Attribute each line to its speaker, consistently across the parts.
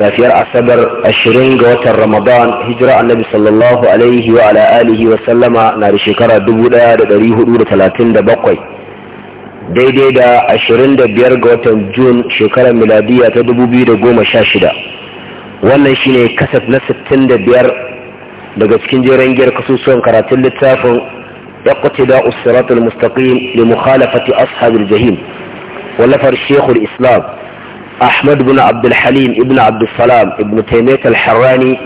Speaker 1: safiyar asabar Ashirin ga watan ramadan hijira annabi sallallahu alaihi wa ala alihi wa sallama na da shekara 1437 daidai da biyar ga watan jun shekarar miladiya ta 2016 wannan shine kasaf na 65 daga cikin jeren giyar kasusuwan karatun littafin اقتداء الصراط li mukhalafati ashabil jahil ولفر شيخ Islam. ahmad bin abdulhalim ibn abdulsalam ibn taimaita al-harrani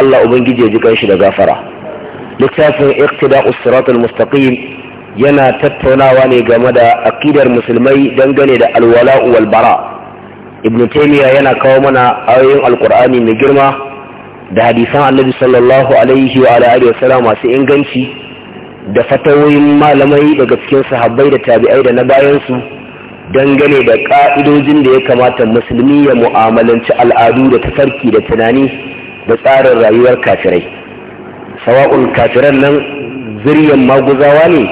Speaker 1: allah ubangiji ya ji kanshi da gafara littafin iqtida siratul mustaqim yana tattaunawa ne game da akidar musulmai dangane da alwala'u wal bara ibn taymiya yana kawo mana ayoyin alqur'ani mai girma da hadisan annabi sallallahu alaihi wa alihi masu inganci da fatawoyin malamai daga cikin sahabbai da tabi'ai da na bayan su dangane da ƙa'idojin da ya kamata musulmi ya mu'amalanci al'adu da tafarki da tunani da tsarin rayuwar kafirai sawa'un kafiran nan zuriyan maguzawa ne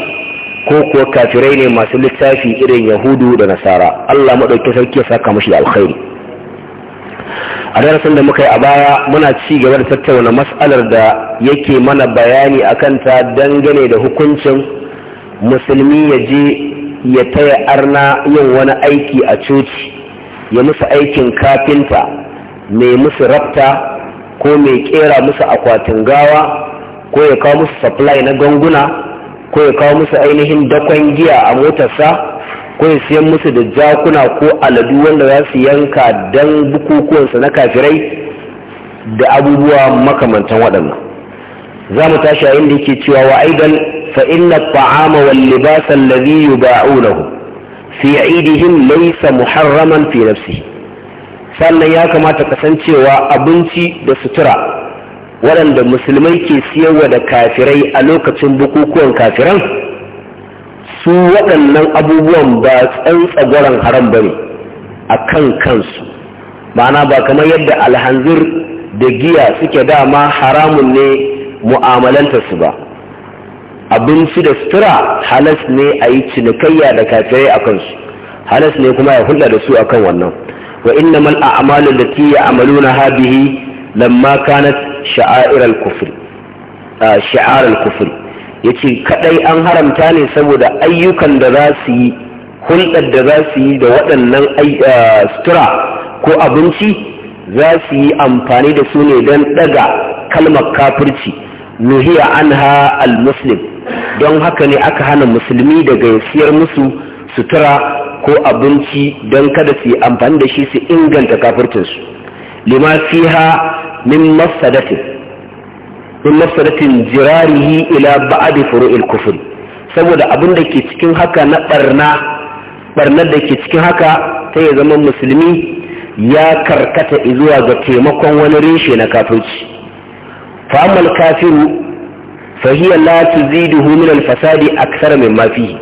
Speaker 1: ko kuwa kafirai ne masu littafi irin yahudu da nasara allah maɗauki sarki ya saka mashi alkhairi a darasin da muka yi a baya muna ci gaba da tattauna mas'alar da yake mana bayani a ta dangane da hukuncin musulmi ya je ya taya arna yin wani aiki a coci ya musu aikin kafinta mai musu rafta ko mai kera musu akwatin gawa ko ya kawo musu supply na ganguna ko ya kawo musu ainihin dakon giya a motarsa ko ya siyan musu da jakuna ko aladu wanda za su yanka don bukukuwansa na kafirai da abubuwa makamantan waɗannan za mu tashi yayin da yake cewa wa aidan fa inna taama wal libas alladhi yuba'unahu fi aidihim laysa muharraman fi nafsihi sannan ya kamata kasancewa abinci da sutura waɗanda musulmai ke siyarwa da kafirai a lokacin bukukuwan kafiran su waɗannan abubuwan ba tsagoran haram ba ne a kan kansu ma'ana ba kamar yadda alhanzir da giya suke dama haramun ne mu'amalanta su ba abinci da sutura halas ne a yi cinikayya da kafirai a kansu halas ne kuma ya hulɗa da su a kan wannan wa inna mal a'malu lati ya'maluna habihi lamma kanat sha'air al-kufr sha'ar al-kufr yace kadai an haramta ne saboda ayyukan da za su yi hulɗar da za su yi da waɗannan sutura ko abinci za su yi amfani da su ne don ɗaga kalmar kafirci nuhiya anha al-muslim don haka ne aka hana musulmi daga siyar musu sutura ko abinci don kada su yi amfani da shi su inganta kafircinsu lima fiha min mafsadatin min mafsadatin jirarihi ila ba'adi furu'il kufur saboda abin da ke cikin haka na barna barnar da ke cikin haka ta ya zama musulmi ya karkata zuwa ga taimakon wani reshe na kafirci فأما الكافر فهي لا تزيده من الفساد أكثر مما فيه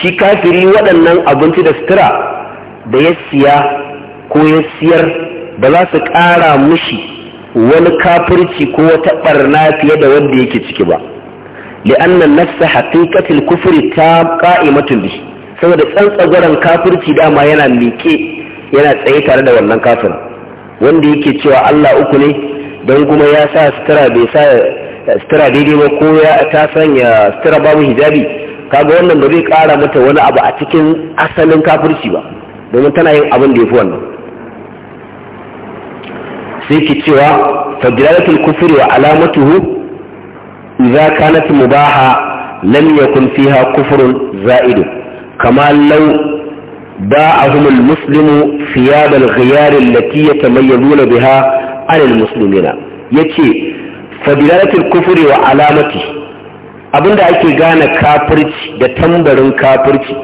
Speaker 1: shi kafiri waɗannan abinci da sutura da ya siya ko ya siyar ba za su ƙara mushi wani kafirci ko wata ɓarna fiye da wanda yake ciki ba li'annan nafsa haƙiƙatil kufuri ta ƙa'imatun bi saboda tsantsagwaron kafirci dama yana miƙe yana tsaye tare da wannan kafin wanda yake cewa Allah uku ne don kuma ya sa sutura bai sa sutura daidai ba ko ya ta sanya sutura babu hijabi kaga wannan ba zai kara mata wani abu a cikin asalin kafirci ba domin tana yin abin da ya fi wannan sai ki cewa fadilalatul kufri wa alamatuhu idza kanat mubaha lam yakun fiha kufrun za'id kama law muslimu المسلم ثياب الغيار التي يتميزون بها anil muslimina yace fa dilalatul kufri wa alamati abinda ake gane kafirci da tambarin kafirci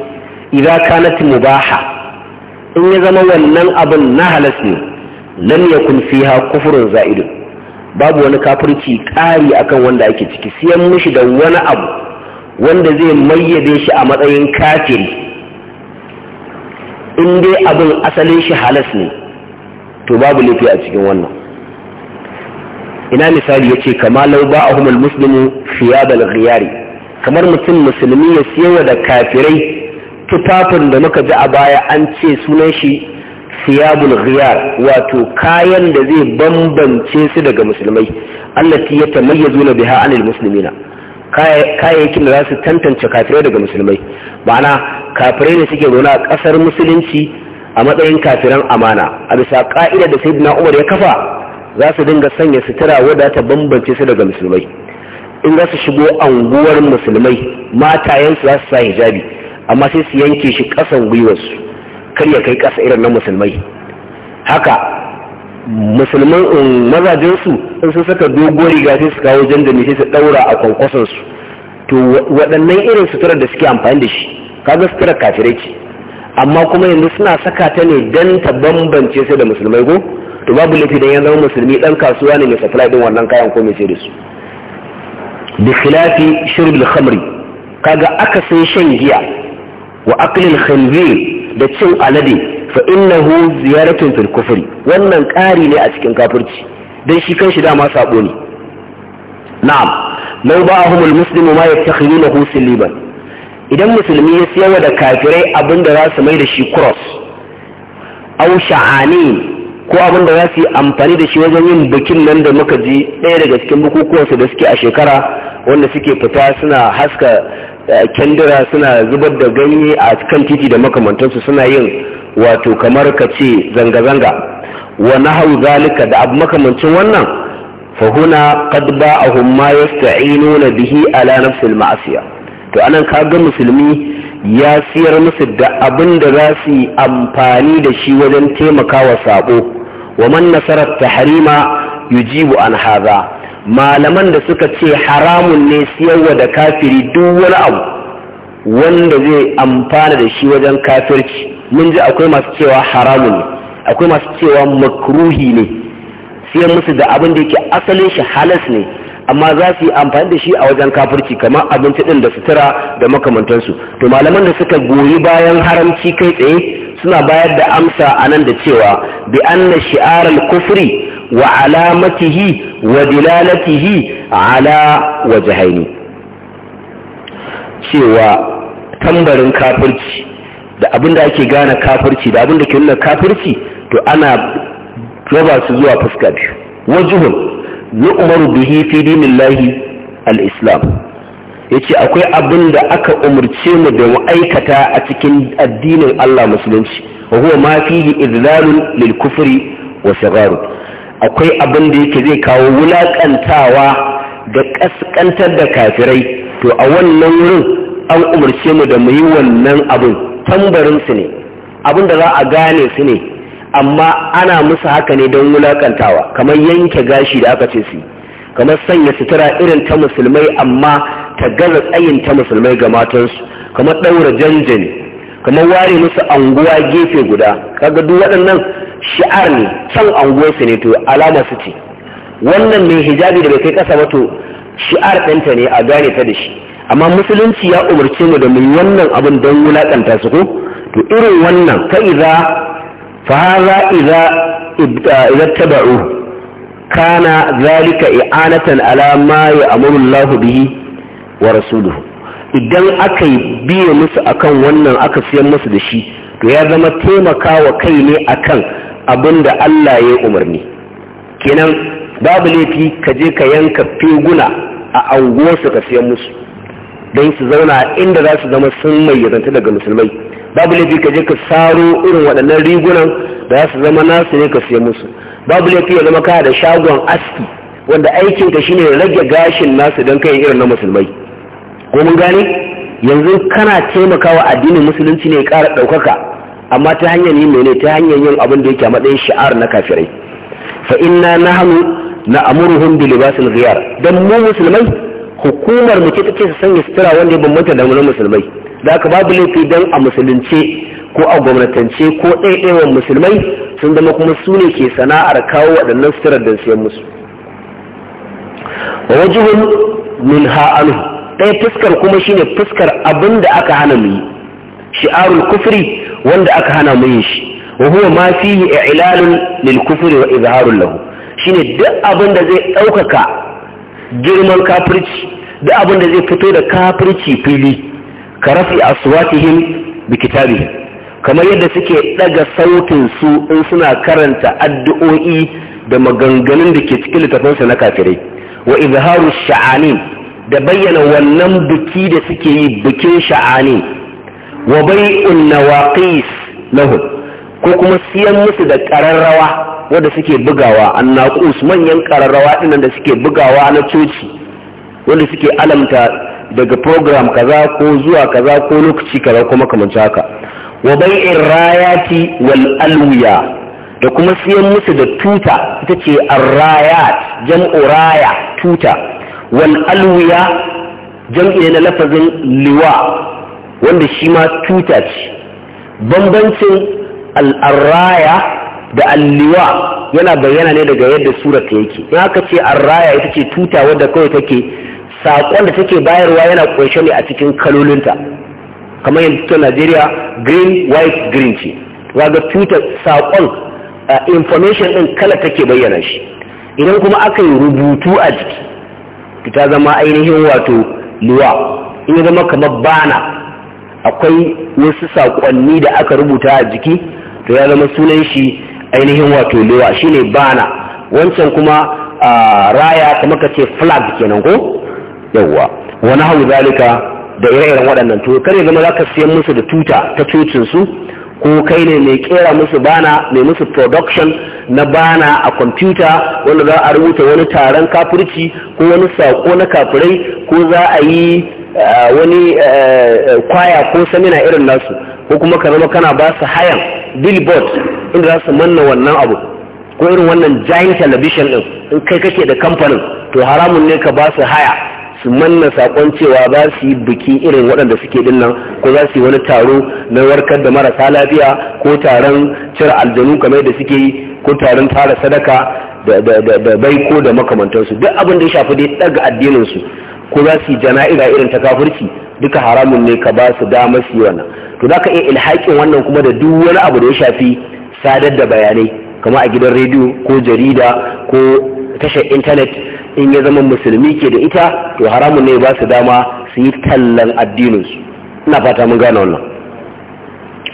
Speaker 1: idza kanat mubaha in ya zama wannan abin na halas ne lam yakun fiha kufrun za'id babu wani kafirci kari akan wanda ake ciki siyan mishi da wani abu wanda zai mayyade shi a matsayin kafiri in dai abin asalin shi halas ne to babu laifi a cikin wannan ina misali yace kama law ba'ahumul muslimu thiyabal ghiyari kamar mutum musulmi ya siyawa da kafirai tufafin da muka ji a baya an ce sunan shi siyabul ghiyar wato kayan da zai bambance su daga musulmai allati yatamayyazuna biha anil muslimina kayayyakin da za su tantance kafirai daga musulmai ma'ana kafirai ne suke zauna a ƙasar musulunci a matsayin kafiran amana a bisa ƙa'ida da sayyidina umar ya kafa za su dinga sanya sutura wadda ta bambance su daga musulmai in za su shigo anguwar musulmai matayensu za su sa hijabi amma sai su yanke shi ƙasan gwiwarsu kar ya kai ƙasa irin na musulmai haka musulman mazajensu in sun saka doguwar riga sai su kawo jan jandami sai su ɗaura a kwankwasonsu to waɗannan irin suturar da suke amfani da shi kaga suturar kafirai ce amma kuma yanzu suna saka ta ne dan ta bambance su da musulmai ko to babu laifi dan ya zama musulmi dan kasuwa ne mai supply din wannan kayan ko mai sai da su bi khilafi al khamri kaga aka shan giya wa aklil khinzir da cin alade fa innahu ziyaratun fil kufri wannan ƙari ne a cikin kafirci dan shi kanshi dama sabo ne na'am law ba'ahum al muslimu ma yattakhidunahu siliban idan musulmi ya siyarwa da kafirai abinda za su mai da shi cross aw sha'anin ko abin da za su yi amfani da shi wajen yin bikin nan da muka ji ɗaya daga cikin bukukuwansu da suke a shekara wanda suke fita suna haska eh, kyandira suna zubar da ganye a kan titi da makamantansu suna yin wato kamar ka ce zanga-zanga wa hauzalika zalika da abu makamancin wannan fahuna humma ya sta'ino na bihi ala nafsil ma'asiya to anan kaga musulmi ya siyar musu da abin da za su yi amfani da shi wajen taimakawa sabo wa man nasarar tahrima yujibu an haza malaman da suka ce haramun ne siyarwa da kafiri duk wani abu wanda zai amfana da shi wajen kafirci mun ji akwai masu cewa haramun ne akwai masu cewa makruhi ne siyan musu da abin da yake asalin shi halas ne amma za su yi amfani da shi a wajen kafirci kamar abinci ɗin da sutura da makamantansu to malaman da suka goyi bayan haramci kai tsaye suna bayar da amsa a nan da cewa bi anna shi'arar kufri wa alamatihi wa dilalatihi ala wajhaini cewa tambarin kafirci da abinda ake gane kafirci da abinda ke nuna kafirci to ana raba su zuwa fuska biyu wajhun nu'maru bihi fi dinillahi al-islam yace akwai abin da aka umarce mu da mu aikata a cikin addinin Allah musulunci wa huwa ma fihi idlalun lil kufri wa sagaru, akwai abin da yake zai kawo wulakantawa da kaskantar da kafirai to a wannan wurin an umarce mu da mu yi wannan abin tambarin su ne abin da za a gane su ne amma ana musu haka ne don wulakantawa kamar yanke gashi da aka ce su kamar sanya sutura irin ta musulmai amma ta gaza tsayin ta musulmai ga matansu kamar ɗaura janjani kamar ware musu anguwa gefe guda kaga duk waɗannan shi'ar ne can su ne to alama su ce wannan mai hijabi da bai kai ƙasa ba to shi'ar ɗanta ne a gane ta da shi amma musulunci ya umarce mu da mun wannan abin don wulaƙanta su ko to irin wannan fa iza fa haza iza iza tabau kana zalika i'anatan ala ma ya'muru Allahu bihi wa rasuluhu idan aka yi biye musu akan wannan aka siyan musu da shi to ya zama wa kai ne akan abin da Allah ya umarni kenan babu laifi ka je ka yanka feguna a anguwarsu ka siyan musu don su zauna inda za su zama sun mai yazanta daga musulmai babu laifi ka je ka saro irin waɗannan rigunan da za su zama nasu ne ka siyan musu babu laifi ya zama ka da shagon aski wanda aikinka shine rage gashin nasu don kai irin na musulmai ko mun gane yanzu kana taimakawa addinin musulunci ne ya ƙara ɗaukaka amma ta hanyar yin mene ta hanyar yin abin da yake a matsayin shi'ar na kafirai fa inna nahnu na'muruhum bi libasil ghiyar dan mu musulmai hukumar mu ce take su sanya sutura wanda ya bambanta da mu musulmai da aka babu laifi dan a musulunce ko a gwamnatance ko ɗaiɗaiwan musulmai sun zama kuma sune ke sana'ar kawo waɗannan suturar da siyan musu wa wajibin min ha'anu ɗaya fuskar kuma shine fuskar abin da aka hana mu yi shi'arul kufri wanda aka hana mu yin shi wa huwa ma fihi i'lalun lil kufri wa izharul lahu shine duk abin da zai ɗaukaka girman kafirci duk abin da zai fito da kafirci fili ka rafi aswatihim bi kitabihim kamar yadda suke daga sautin su in suna karanta addu'o'i da maganganun da ke cikin littafansa na kafirai wa izharu sha'anin da bayyana wannan biki da suke yi bikin sha'ani wa bai'un nawaqis lahum ko kuma siyan musu da ƙararrawa wanda suke bugawa annaqus manyan ƙararrawa din da suke bugawa na coci wanda suke alamta daga program kaza ko zuwa kaza ko lokaci kaza kuma kamar haka wa bai'in rayati wal alwiya da kuma siyan musu da tuta ita ce arrayat jam'u raya tuta wal alwiya jam'i na lafazin liwa wanda shi ma tuta ce bambancin al'arraya da alliwa yana bayyana ne daga yadda surata yake in aka ce arraya ita ce tuta wadda kawai take saƙon da take bayarwa yana ƙunshe ne a cikin kalolinta kamar yadda ta najeriya green white green ce ga tuta saƙon uh, information ɗin kala take bayyana shi idan kuma aka yi rubutu a jiki ta zama ainihin wato luwa in ya zama kamar bana akwai wasu saƙonni da aka rubuta a jiki to ya zama sunan shi ainihin wato luwa shine bana wancan kuma raya kuma ka ce flag kenan ko yawwa wani hau zalika da ire-iren waɗannan to kare zama za ka siyan musu da tuta ta cocinsu ko kai ne mai kera musu bana mai musu production na bana a kwamfuta wanda za a rubuta wani taron kafirci ko wani sako na kafirai ko za a yi eh, wani eh, eh, kwaya ko samina irin nasu ko kuma ka zama kana ba su hayan billboard inda za su manna wannan abu ko irin wannan giant television din in kai kake da kamfanin to haramun ne ka ba su haya su manna sakon cewa za su yi biki irin waɗanda suke dinnan ko za su yi wani taro na warkar da marasa lafiya ko taron cire aljanu kamar da suke yi ko taron tara sadaka da ko da makamantarsu duk abin da ya shafi dai daga addininsu ko za su yi jana'iza irin ta kafirci duka haramun ne ka ba su damar su yi wannan to za ka iya ilhakin wannan kuma da duk wani abu da ya shafi sadar da bayanai kamar a gidan rediyo ko jarida ko tashar intanet in ya zama musulmi ke da ita to haramun ne ba su dama su yi tallan addininsu ina fata mun gane wannan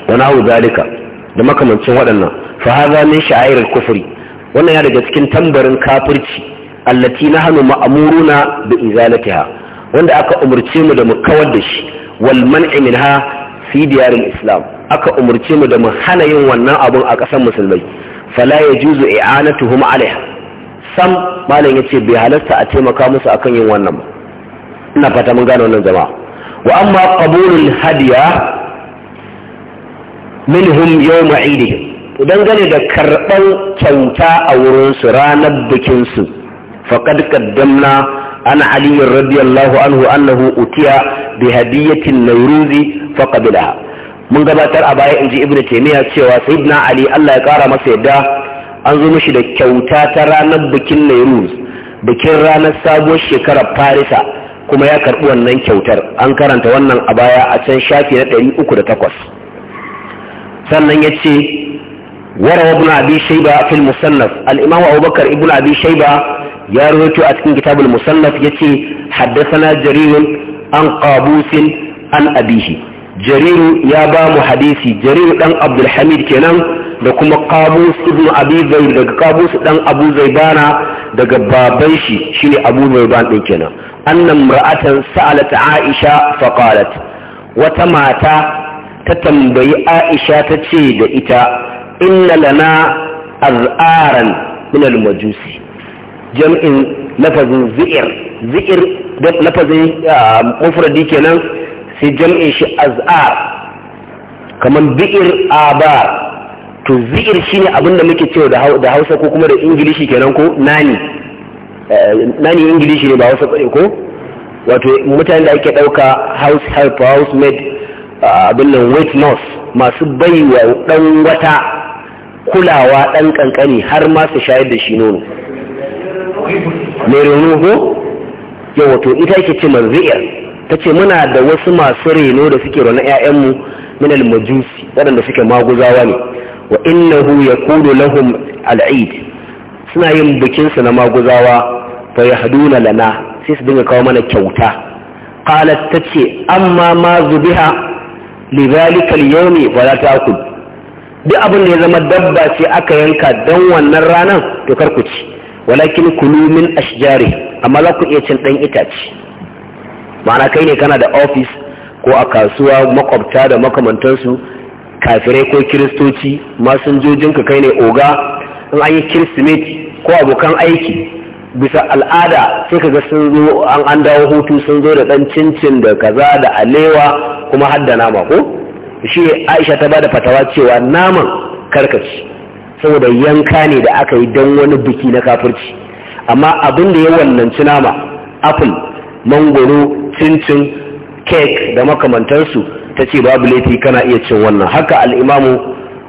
Speaker 1: wani hau zalika da makamancin waɗannan fa haza min sha'irar kufri wannan ya daga cikin tambarin kafirci allati na hannu ma'amuruna bi izalatiha wanda aka umarce mu da mu kawar da shi wal man'i minha fi diyarin islam aka umarce mu da mu hana yin wannan abun a ƙasar musulmai fala yajuzu i'anatuhum alaiha sam malam ya ce bai halarta a taimaka musu akan yin wannan ba ina fata mun gane wannan jama'a wa amma qabulul hadiya minhum yawm idihim idan gane da karban kyauta a wurin su ranar bikin su faqad qaddamna an ali radiyallahu anhu annahu utiya bi hadiyatin nawruzi faqabilaha mun gabatar a baya inji ibnu taymiya cewa sayyidina ali Allah ya kara masa yadda an zo mashi da kyauta ta ranar bikin nairus bikin ranar sabuwar shekarar farisa kuma ya karɓi wannan kyautar an karanta wannan a baya a can shafi na ɗari uku da takwas. sannan ya ce warawa ibn abi shaiba fil musannaf al-imam abubakar ibn abi shaiba ya rawaito a cikin kitabul musannaf yace haddathana jarir an qabus an abihi jarir ya ba mu hadisi jarir dan abdul hamid kenan da kuma kabus ibn abi zaid daga kabus dan abu zaidana daga baban shi shine abu zaidan din kenan annan mar'atan sa'alat aisha fa qalat wata mata ta tambayi aisha ta ce da ita inna lana az'aran min al-majusi jam'in lafazin zi'ir zi'ir da lafazin ah, mufradi kenan sai jam'in shi az'ar kamar bi'ir abar to zi'ir shine abin da muke cewa da hausa ko kuma da ingilishi kenan ko nani eh, nani ingilishi ne ba hausa bane ko wato mutane da ake ɗauka house help house made abin nan weight loss masu baiwa ɗan wata kulawa ɗan ƙanƙani har ma su shayar da shi nono mai reno ko yau wato ita ake ce manzi'ir ta ce muna da wasu masu reno da suke rana 'ya'yanmu minal majusi waɗanda suke maguzawa ne wa innahu yakunu lahum al'id suna yin bikin su na maguzawa fa yahduna lana sai su dinga kawo mana kyauta qalat tace amma ma zubiha zalika al-yawmi la ta'kul duk abin da ya zama dabba ce aka yanka dan wannan ranar, to kar ku ci walakin kulu min ashjari amma za ku iya cin dan itace ma'ana kai ne kana da office ko a kasuwa makwabta da makamantansu kafirai ko kiristoci ka kai ne oga in an yi kirsimeti ko abokan aiki bisa al'ada sai kaga sun zo an dawo hutu sun zo da dan cincin da kaza da alewa kuma hadda nama ko shi aisha ta bada fatawa cewa naman karkaci saboda yanka ne da aka yi don wani biki na kafirci amma abin da ya wannanci nama apple mangoro cincin kek da makamantarsu ta ce babu laifi kana iya cin wannan haka al'imamu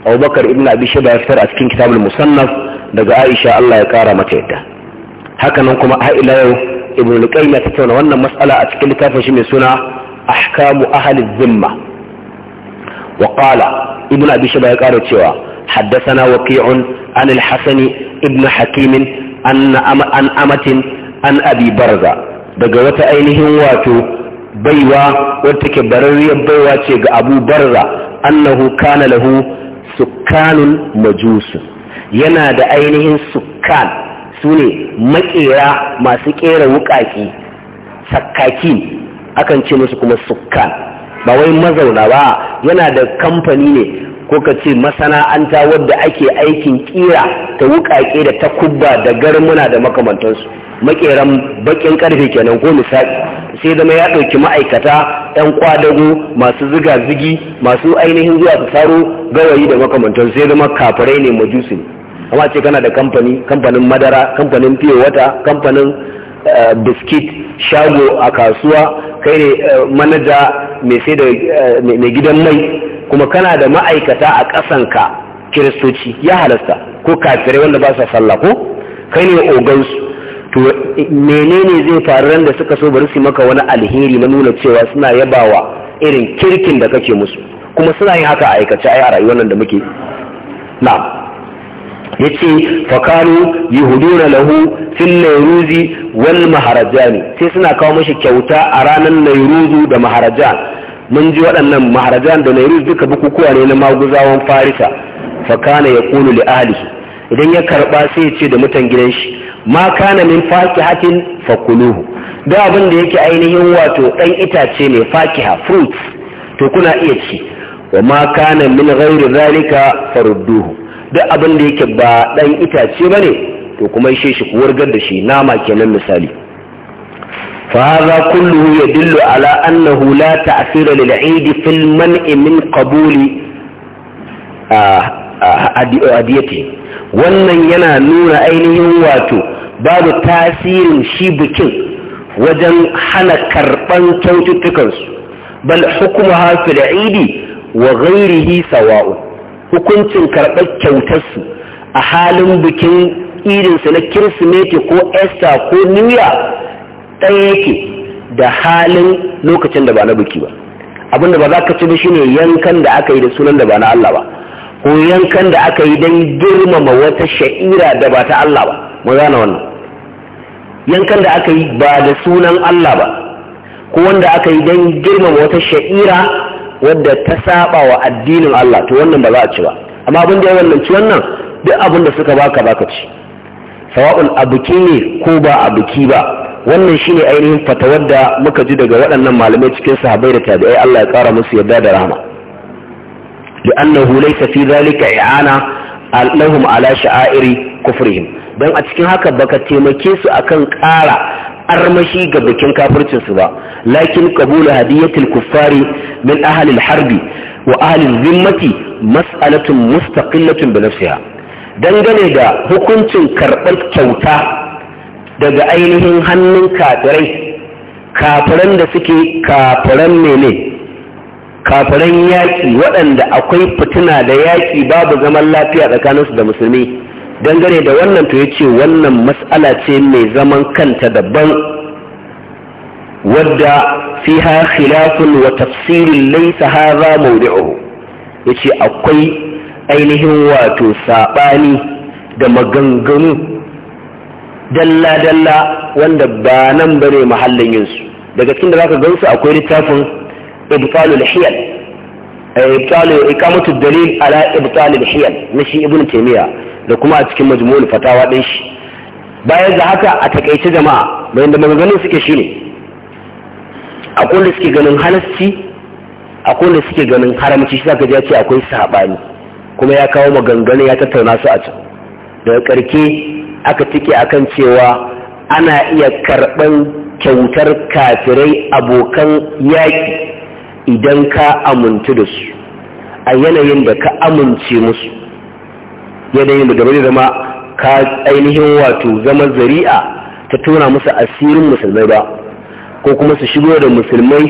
Speaker 1: abubakar ibn abi shaba ya fitar a cikin kitabul musannaf daga aisha allah ya kara mata yadda haka nan kuma har ila yau ibn ya tattauna wannan mas'ala a cikin littafin shi mai suna ahkamu ahli zimma wa qala ibn abi shaba ya kara cewa حدثنا وكيع عن الحسن ابن حكيم أن أم أن أمة أن أبي برزة دقوة أينهم واتو baiwa wata ke bararriyar baiwa ce ga abu barra annahu kana lahu sukkanun majusu yana da ainihin sukkan sune, ne makera masu kera wukaki sakaki akan ce musu kuma sukkan ba wai mazauna ba yana da kamfani ne ko ka ce masana'anta wadda ake aikin kira ta wukake da ta kubba da garmuna da makamantansu makeran bakin karfe kenan ko misali sai zama ya ɗauki ma'aikata 'yan kwadago masu ziga zigi masu ainihin zuwa su saro gawayi da makamantar sai zama kafirai ne majusi amma ce kana da kamfani kamfanin madara kamfanin fiye wata kamfanin eh, biskit shago a kasuwa kai ne eh, manaja mai sai da eh, mai gidan mai kuma kana da ma'aikata a ƙasanka kiristoci ya halasta ko kafirai wanda ba sa sallah ko kai ne ogansu to menene zai faru da suka so bari su maka wani alheri na nuna cewa suna yabawa irin kirkin da kake musu kuma suna yin haka a aikace a rayuwar nan da muke na'am yace fakaru yuhuduna lahu fil nairuzi wal maharajani sai suna kawo mashi kyauta a ranar nairuzu da maharajan mun ji waɗannan maharajan da nairuz duka bukukuwa ne na maguzawan farisa fakana ya kulu li ahlihi idan ya karba sai ya ce da mutan gidan shi ma kana min fakihatin fakuluhu da abin da yake ainihin wato dan itace ne fakiha fruits to kuna iya ci wa ma kana min ghairi zalika farudduhu da abin da yake ba dan itace bane to kuma ishe shi ku wargar da shi nama kenan misali fa hadha kulluhu yadullu ala annahu la ta'sira lil 'eid fil man'i min qabuli ah, ah, Adiyati. wannan yana nuna ainihin wato babu tasirin shi bikin wajen hana karɓar kyaututtukansu bal hukumu hafi da idi wa gairihi sawa'u hukuncin karɓar kyautarsu a halin bikin irinsu na kirsimeti ko esta ko niya ɗaya yake da halin lokacin da ba na biki ba abinda ba za ka ci ba ne yankan da aka yi da sunan da ba na Allah ba ko yankan da aka yi don girmama wata sha'ira da ba ta Allah ba mu gane wannan yankan da aka yi ba da sunan Allah ba ko wanda aka yi don girmama wata sha'ira wadda ta saba wa addinin Allah to wannan ba za a ci ba amma abin da ya wannan ci wannan duk abin da suka baka baka ci sawa'un a ne ko ba a biki ba wannan shine ainihin fatawar da muka ji daga waɗannan malamai cikin sahabbai da tabi'ai Allah ya ƙara musu yadda da rahama li'annahu laysa fi dhalika i'ana lahum ala sha'airi kufrihim don a cikin haka baka taimake su akan ƙara armashi ga bikin kafircinsu ba lakin kabula hadiyatul kuffari min ahalil harbi wa ahalil zimmati mas'alatun mustaqillatun bi nafsiha dangane da hukuncin karɓar kyauta daga ainihin hannun kafirai kafiran da suke kafiran mene kafiran yaƙi waɗanda akwai fitina da yaƙi babu zaman lafiya tsakaninsu da musulmi dangane da wannan to ya ce wannan mas'ala ce mai zaman kanta daban wadda fiha khilafun wa tafsirin laisa haza maudu'uhu ya ce akwai ainihin wato saɓani da maganganu dalla-dalla wanda ba nan ba ne mahallin yinsu daga cikin da zaka gansu akwai littafin ibtalul hiyal eh, ibtalul iqamatud dalil ala ibtalul hiyal na shi ibnu taymiya da kuma a cikin majmu'ul fatawa din shi bayan da haka a takaice jama'a bayan da maganganun suke shine akwai suke ganin halasci akwai da suke ganin haramci shi zaka ji ce akwai sabani kuma ya kawo maganganu ya tattauna su a can daga karke aka tike akan cewa ana iya karɓan kyautar kafirai abokan yaƙi idan ka amintu da su a yanayin da ka amince musu yanayin da bari zama ka ainihin wato zama zari'a ta tona musu asirin musulmai ba ko kuma su shigo da musulmai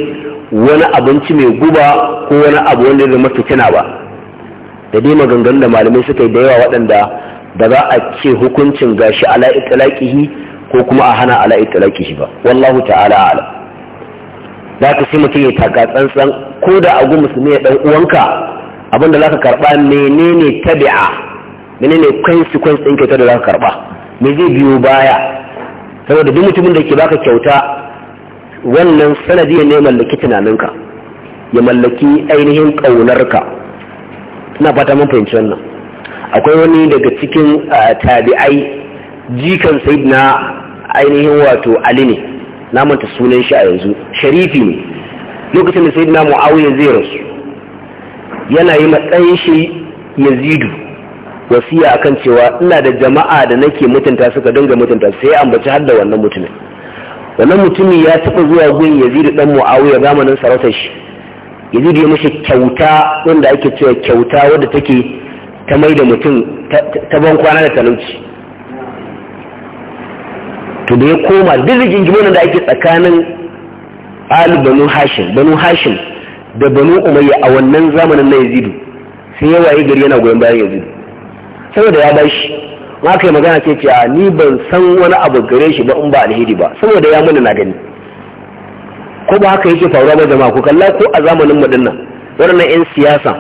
Speaker 1: wani abinci mai guba ko wani abu wanda zama fitina ba da dai maganganun da malamai suka yi da yawa waɗanda ba za a ce hukuncin gashi ala italaqihi ko kuma a hana ala italaqihi ba wallahu ta'ala ala za ka sai mutum ya taka tsantsan ko da agu musulmi ya ɗan uwanka abinda ka karɓa menene tabi'a menene consequence ɗin kyauta da za ka karɓa me zai biyo baya saboda duk mutumin da ke baka kyauta wannan ya ne mallaki tunaninka ya mallaki ainihin ƙaunarka ina fata mun fahimci wannan akwai wani daga cikin tabi'ai jikan sai na ainihin wato ali ne na manta sunan shi a yanzu sharifi ne lokacin da sai na mu'awiyar zai rasu yana yi matsayin shi yazidu wasiya akan cewa ina da jama'a da nake mutunta suka dinga mutunta sai ambaci har da wannan mutumin wannan mutumin ya taɓa zuwa gun yazidu dan muawiya zamanin sarautar shi yazidu ya mishi kyauta wanda ake cewa kyauta wadda take ta mai da mutum ta ban kwana da talauci to da ya koma duk rigingimin da ake tsakanin Ali banu hashim banu hashim da banu umayya a wannan zamanin na yazidu sai ya waye gari yana goyon bayan yazidu saboda ya bashi ma yi magana ce ce ni ban san wani abu gare shi ba in ba alheri ba saboda ya mana na gani ko ba haka yake faruwa ba jama'a ko kalla ko a zamanin mu dinnan waɗannan 'yan siyasa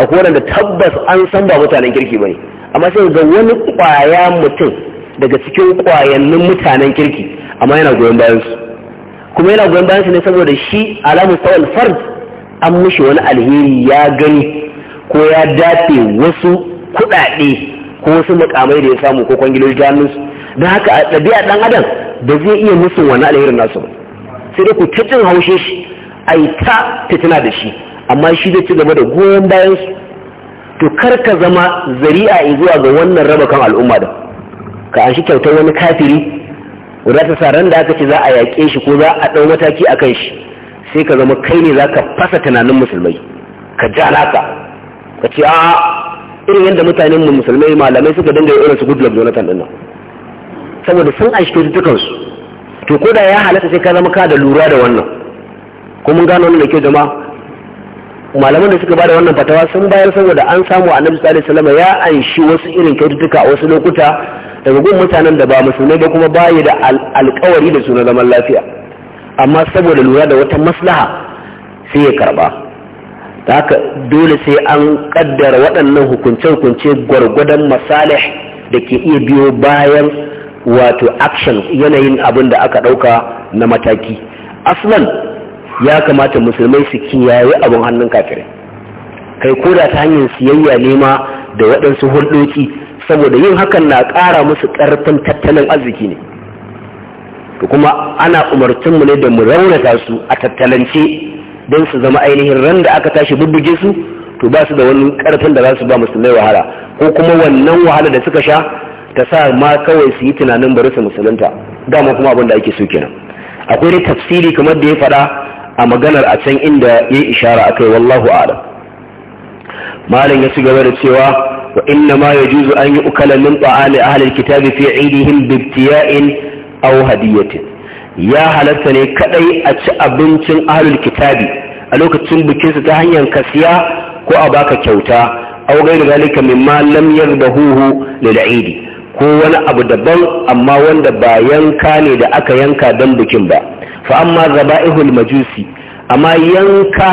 Speaker 1: akwai waɗanda tabbas an san ba mutanen kirki ba ne amma sai ga wani ƙwaya mutum daga cikin ƙwayannin mutanen kirki amma yana goyon bayansu kuma yana goyon bayansu ne saboda shi alamu tsawon fard an mushi wani alheri ya gani ko ya dafe wasu kuɗaɗe ko wasu makamai da ya samu ko kwangiloji ta hannunsu Da haka a ɗabi'a ɗan adam da zai iya musun wani alherin nasu sai dai ku ta cin haushe shi a yi ta fitina da shi amma shi zai ci gaba da goyon bayan su to kar ka zama zari'a zuwa ga wannan raba kan al'umma da ka an shi kyautar wani kafiri za ta sa ran da aka ce za a yaƙe shi ko za a ɗau mataki a kan shi sai ka zama kai ne za ka fasa tunanin musulmai ka ja naka ka ce a irin yadda mutanen mu musulmai malamai suka dinga irin su goodluck jonathan din nan saboda sun aiki cututtukan su to ko da ya halatta sai ka zama ka da lura da wannan ko mun gano wannan da kyau jama malaman da suka bada wannan fatawa sun bayar saboda an samu annabi sallallahu alaihi wasallam ya anshi wasu irin kyaututtuka a wasu lokuta daga gun mutanen da ba musulmai ba kuma bayi da alkawari da su na zaman lafiya amma saboda lura da wata maslaha sai ya karba haka dole sai an kaddara waɗannan hukunce-hukunce gwargwadon masalih da ke iya biyo bayan wato action yanayin abin da aka ɗauka na mataki aslan ya kamata musulmai su kiyaye abin hannun kafir kai koda ta hanyar siyayya nema da waɗansu hulɗoki saboda yin hakan na ƙara musu ƙarfin tattalin arziki ne kuma ana umarcinmu ne da mu raunata su a tattalance don su zama ainihin ran da aka tashi bubbuge su to ba su da wani karfin da za su ba musulmai wahala ko kuma wannan wahala da suka sha ta sa ma kawai su yi tunanin bari su musulunta dama kuma abin da ake so kenan akwai dai tafsiri kamar da ya faɗa a maganar a can inda ya yi ishara kai wallahu a'lam malam ya ci gaba da cewa wa inna ma yajuzu an yi ukala min ta'ali ahli alkitabi fi idihim bi ibtiya'in aw hadiyatin ya halatta ne kadai a ci abincin ahlul kitabi a lokacin bikinsu ta hanyar kasiya ko a baka kyauta aw gairu zalika mimma lam yarbahuhu lil ko wani abu daban amma wanda ba yanka ne da aka yanka don bikin ba fa amma zaba'ihul majusi amma yanka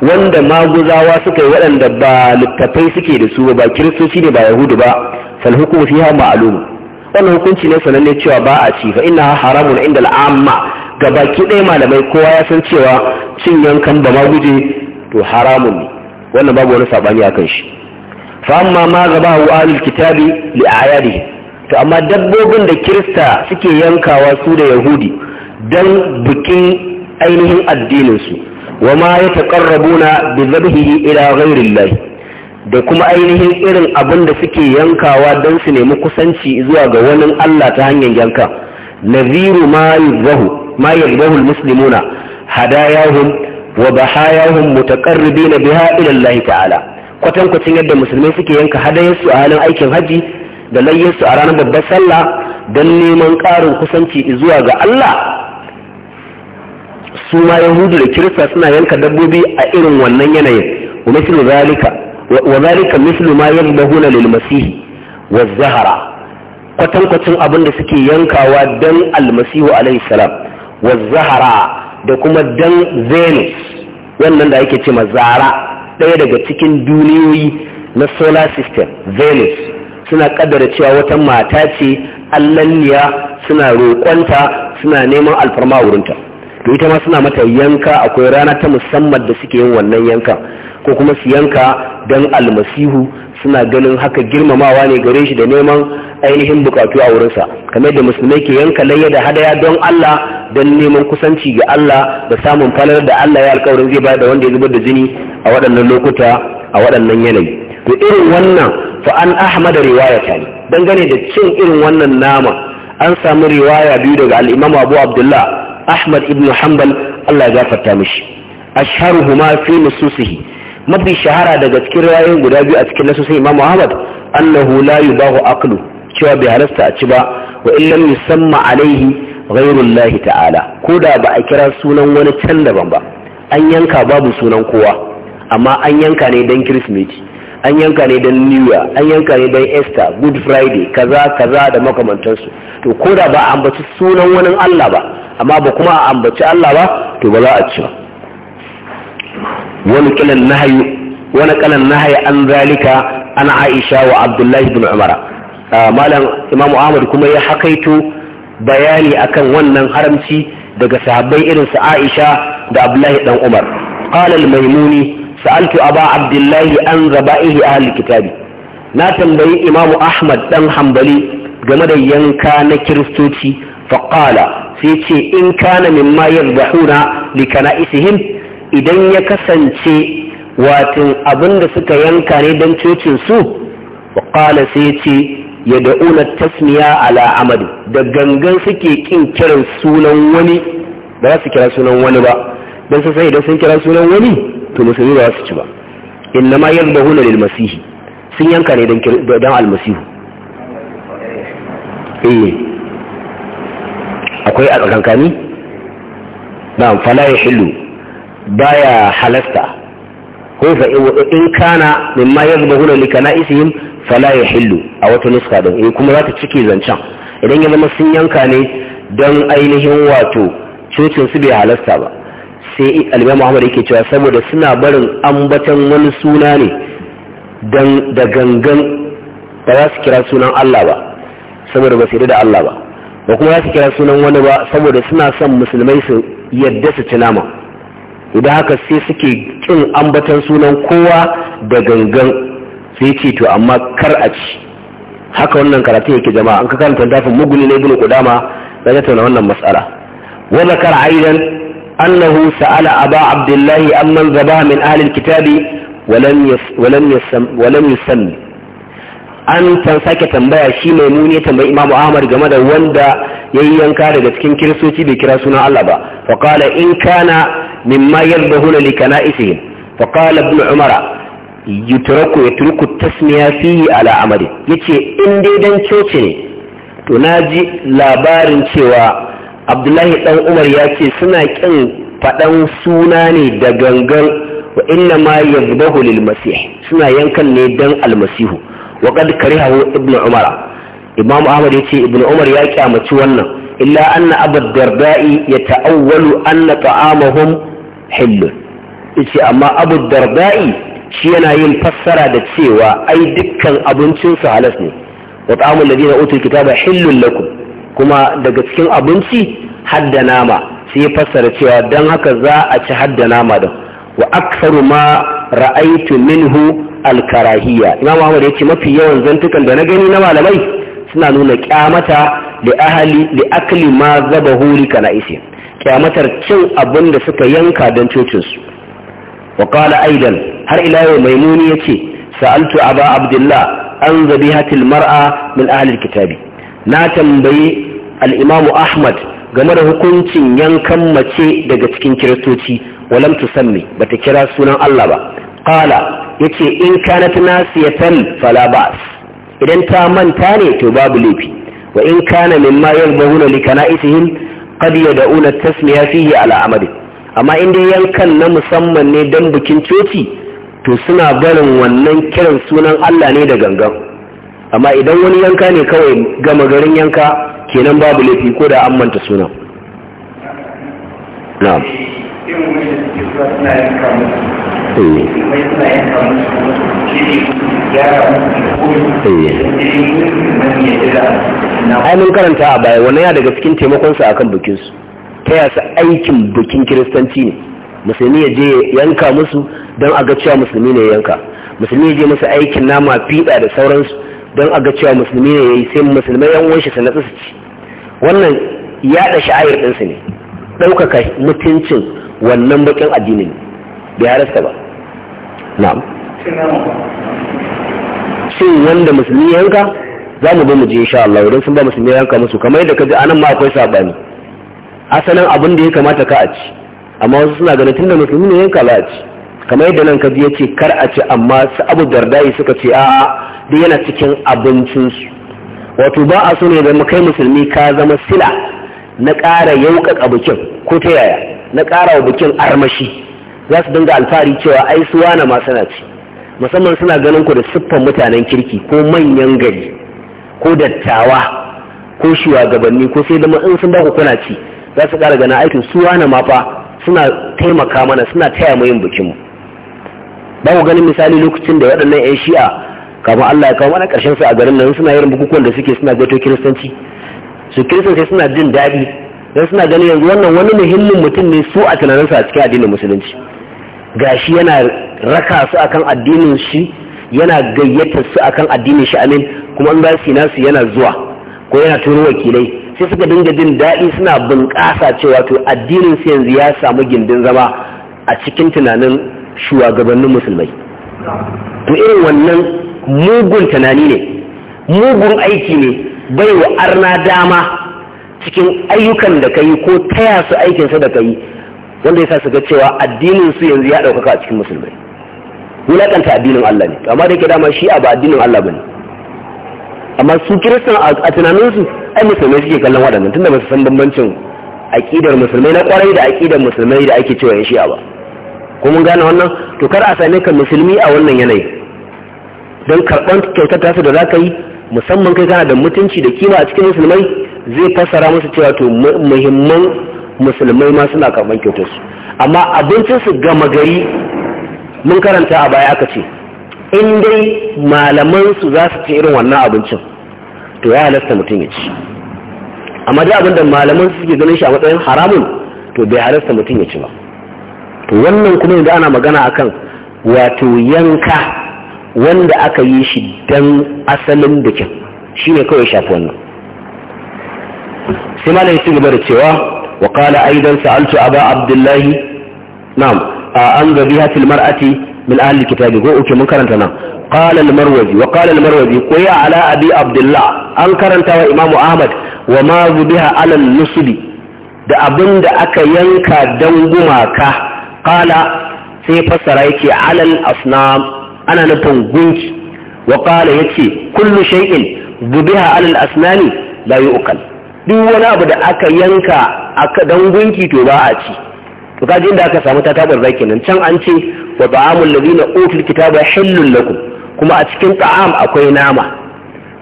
Speaker 1: wanda maguzawa suka yi waɗanda ba littattafai suke da su ba kiristoci ne ba yahudu ba fal hukumu fiha ma'lum wannan hukunci ne sananne cewa ba a ci fa ina haramun inda al'amma ga baki ɗaya malamai kowa ya san cewa cin yankan ba ma guje to haramun ne wannan babu wani saɓani a kan shi fa amma ma gaba wa alil kitabi li ayadi to amma dabbobin da kirista suke yankawa su da yahudi dan bikin ainihin addininsu wa ma yataqarrabuna bi zabihi ila llahi da kuma ainihin irin abin da suke yankawa don su nemi kusanci zuwa ga wani Allah ta hanyar yanka naziru ma musulmuna. ma yuzbahu hadayahum wa bahayahum mutaqarribina biha ila Allah ta'ala kwatankwacin yadda musulmai suke yanka hadayarsu a halin aikin haji da layyarsu a ranar babbar sallah don neman karin kusanci zuwa ga Allah su ma yahudu da kirista suna yanka dabbobi a irin wannan yanayin wa zalika wa zalika mislu ma yadhbahuna lil masih wa zahara kwatankwacin abin da suke yankawa dan almasihu alaihi salam da kuma dan venus wannan da ake ce zara ɗaya daga cikin duniyoyi na solar system venus suna kaddara cewa wata mata ce allanniya suna roƙonta suna neman alfarma a wurinta to ita ma suna mata yanka akwai rana ta musamman da suke yin wannan yanka ko kuma su yanka don almasihu suna ganin haka girmamawa ne gare shi da neman ainihin bukatu a wurinsa kamar da musulmai ke yanka layya da hadaya don Allah don neman kusanci ga Allah da samun falar da Allah ya alkawarin zai bayar da wanda ya zubar da jini a waɗannan lokuta a waɗannan yanayi to irin wannan fa an ahmad riwaya ta dangane da cin irin wannan nama an samu riwaya biyu daga al-imam Abu Abdullah ahmad ibn hanbal Allah ya gafarta mishi asharuhuma fi nususihi mafi shahara daga cikin rayuwar guda biyu a cikin nasusin imamu ahmad annahu la yubahu aqlu cewa bai halasta a ci ba wa in lam yusamma alaihi ghairullahi ta'ala ko da ba a kira sunan wani can daban ba an yanka babu sunan kowa amma an yanka ne dan kirismeti an yanka ne don new year an yanka ne don easter good friday kaza kaza da makamantansu to ko da ba ambaci sunan wani allah ba amma ba kuma a ambaci Allah ba to ba za a ci wani kalan nahayi wani an zalika an Aisha wa Abdullahi bin Umar ah, malam Imam Ahmad kuma ya hakaito bayani akan wannan haramci daga sahabbai irin su Aisha da Abdullahi dan Umar mai al-Maimuni sa'altu Aba Abdullahi an zaba'ihi ahli kitabi na tambayi imamu Ahmad dan Hanbali game da yanka na kiristoci faƙala sai ce in kana mimma yarzahuna li kana'isihim idan ya kasance watin abin da suka yanka ne don cocin su faƙala sai ce ya da'una tasmiya ala amadu da gangan suke kin kiran sunan wani ba za su kira sunan wani ba don sun idan sun kira sunan wani to musulmi ba su ci ba inna ma yadda hula lil masihi sun yanka ne don almasihu eh akwai a tsakankani na'am fala baya halasta ko in kana mimma yazbahuna yin fala yahillu a wata nuska don kuma za ta cike zancen idan ya zama sun yanka ne don ainihin wato cocin su bai halasta ba sai alibai muhammad yake cewa saboda suna barin ambatan wani suna ne da gangan ba za su kira sunan Allah ba saboda ba su da Allah ba ba kuma za su kira sunan wani ba saboda suna son musulmai su yadda su ci nama idan haka sai suke kin ambatan sunan kowa da gangan sai ce to amma kar a ci haka wannan karatun yake jama'a an ka karanta dafin muguni na ibnu qudama da ya tauna wannan mas'ala wa zakara aidan annahu sa'ala aba abdullahi amman zaba min ahli alkitabi ولم يسم ولم an san sake tambaya shi mai muni tambayi imamu ahmad game da wanda ya yi yanka daga cikin kiristoci bai kira sunan allah ba faƙala in kana mimma yarbahuna li kana'isihim faƙala ibn umara yutraku yatruku tasmiya fihi ala yace in dai dan coci ne to ji labarin cewa abdullahi dan umar ya ce suna kin faɗan suna ne da gangan wa inna ma yadbahu lil suna yankan ne dan almasihu wa qad karihahu ibn umar imam ahmad ce ibn umar ya kyamaci wannan illa anna abu darda'i yata'awwalu anna ta'amahum hill yace amma abu darda'i shi yana yin fassara da cewa ai dukkan abincin su halas ne wa ta'amul ladina utul kitaba hillun lakum kuma daga cikin abinci hadda nama sai ya fassara cewa don haka za a ci hadda nama da wa aksaru ma ra'aitu minhu alkarahiya imam ahmad ya ce mafi yawan zantukan da na gani na malamai suna nuna kyamata da ahali da akli ma zaba huli kana isi kyamatar cin abin da suka yanka don cocinsu wa Wakala aidan har ila yau maimuni yace sa'altu aba abdullah an zabi hatil mar'a min ahli kitabi na tambaye al ahmad game da hukuncin yankan mace daga cikin kiristoci walam tusammi bata kira sunan Allah ba qala yace in kanat nasiyatan fala ba's idan ta manta ne to babu laifi wa in kana mimma yadhbuna li kana'isihim qad yad'una tasmiya fihi ala amad amma in dai yankan na musamman ne dan bikin coci to suna barin wannan kiran sunan Allah ne da gangan amma idan wani yanka ne kawai gama garin yanka kenan babu laifi ko da an manta sunan na'am Eh. Eh. ai mun karanta a baya wannan ya daga cikin taimakonsa akan bukinsu ta yasa aikin bikin kiristanci ne musulmi ya je yanka musu don a ga cewa musulmi ne yanka musulmi ya je musu aikin nama fiɗa da sauransu don a ga cewa musulmi ne ya yi sai musulmai yan wanshi su su ci wannan yaɗa sha'ayar ɗinsu ne ɗaukaka mutuncin wannan bakin addinin bai harasta ba na'am shin wanda musulmi yanka za mu mu je insha Allah idan sun ba musulmi yanka musu kamar yadda kaji anan ma akwai sabani asalin abin da ya kamata ka a ci amma wasu suna ganin tunda musulmi ne yanka za a ci kamar yadda nan kaji ya ce kar a ci amma su abu dardai suka ce a'a duk yana cikin abincinsu wato ba a so ne da kai musulmi ka zama sila na ƙara yauƙaƙa bikin ko ta yaya na ƙara wa bikin armashi za su dinga alfahari cewa ai su wane ma suna ci musamman suna ganin ku da siffan mutanen kirki ko manyan gari ko dattawa ko shugabanni ko sai dama in sun ba ku kuna ci za su ƙara ganin aikin su wane ma fa suna taimaka mana suna taya mu yin bikinmu ba ku ganin misali lokacin da waɗannan 'yan shi'a kafin Allah ya kawo mana ƙarshen su a garin nan suna yin bukukuwan da suke suna gaito kiristanci su kiristanci suna jin daɗi don suna ganin yanzu wannan wani muhimmin mutum ne su a tunaninsa a cikin addinin musulunci gashi yana raka su akan addinin shi yana gayyata su akan addinin shi amin kuma an gasi nasu yana zuwa ko yana turo wakilai sai suka dinga jin daɗi suna bunƙasa cewa to addinin su yanzu ya samu gindin zama a cikin tunanin shugabannin musulmai to irin wannan mugun tunani ne mugun aiki ne bai wa arna dama cikin ayyukan da ka yi ko taya su aikinsa da ka yi wanda yasa su ga cewa addinin su yanzu ya ɗaukaka a cikin musulmai wulaƙanta addinin Allah ne amma da ke dama shi a ba addinin Allah ba ne? amma su kiristan a tunaninsu ai musulmai suke kallon waɗannan tunda ba su san bambancin aƙidar musulmai na ƙwarai da aƙidar musulmai da ake cewa yan shi'a ba ko mun gane wannan to kar a same ka musulmi a wannan yanayi don karɓar kyautar su da za ka yi musamman kai kana da mutunci da kima a cikin musulmai zai fassara musu cewa to muhimman musulmai ma suna karban su, amma abincinsu gama gari mun karanta a baya aka ce in dai malamansu za su ci irin wannan abincin to ya halasta mutum ya ci amma dai abinda malaman suke ganin shi a matsayin haramun to bai halasta mutum ya ci ba to wannan kuma yanzu ana magana akan wato yanka wanda aka yi shi dan asalin bikin shi ne kawai shafi wannan sai malam ya gaba da cewa وقال أيضا سألت أبا عبد الله نعم عن ذبيحة المرأة من أهل الكتاب قوك منكرا قال المروزي وقال المروزي قوي على أبي عبد الله أنكرا وإمام أحمد وما ذبيها على النصب da abin da aka yanka don gumaka kala sai fassara yake alal asnam ana nufin gunki wa kala yake kullu shay'in dubiha alal asnami la yu'kal duk wani abu da aka yanka aka dan gunki to ba a ci to kaji inda aka samu ta tabar zaki nan can an ce wa ta'amul ladina utul kitaba halul lakum kuma a cikin ta'am akwai nama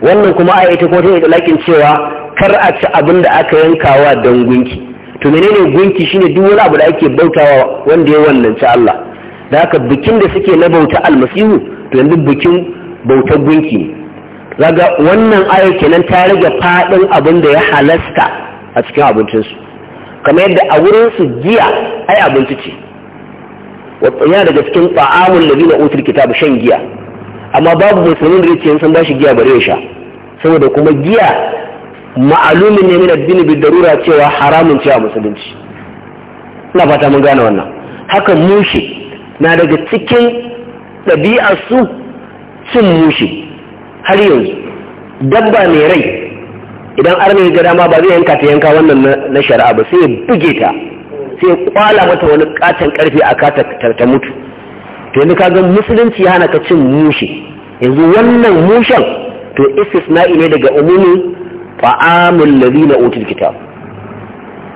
Speaker 1: wannan kuma a ita ko ta yi lakin cewa kar a ci abin da aka yankawa dan gunki to menene gunki shine duk wani abu da ake bautawa wanda ya ci Allah da haka bikin da suke na bauta almasihu to yanzu bikin bautar gunki ne. zaga wannan ayar kenan ta rage faɗin abin da ya halasta a cikin abincinsu kamar yadda a wurinsu giya ai abinci ce yana daga cikin ta'amun labi na utul kitabu shan giya amma babu musulmin da yake sun bashi giya bare sha saboda kuma giya ma'alumin ne min addini bi darura cewa haramun cewa musulunci ina fata mun gane wannan haka mushe na daga cikin ɗabi'ar su cin mushe har yanzu dabba mai rai idan arni ga dama ba zai yanka ta yanka wannan na shari'a ba sai ya buge ta sai ya kwala mata wani katon karfe a kata ta mutu to yanzu ga musulunci ya hana ka cin mushe yanzu wannan mushen to istisna'i ne daga umumin fa'amul ladina utul kitab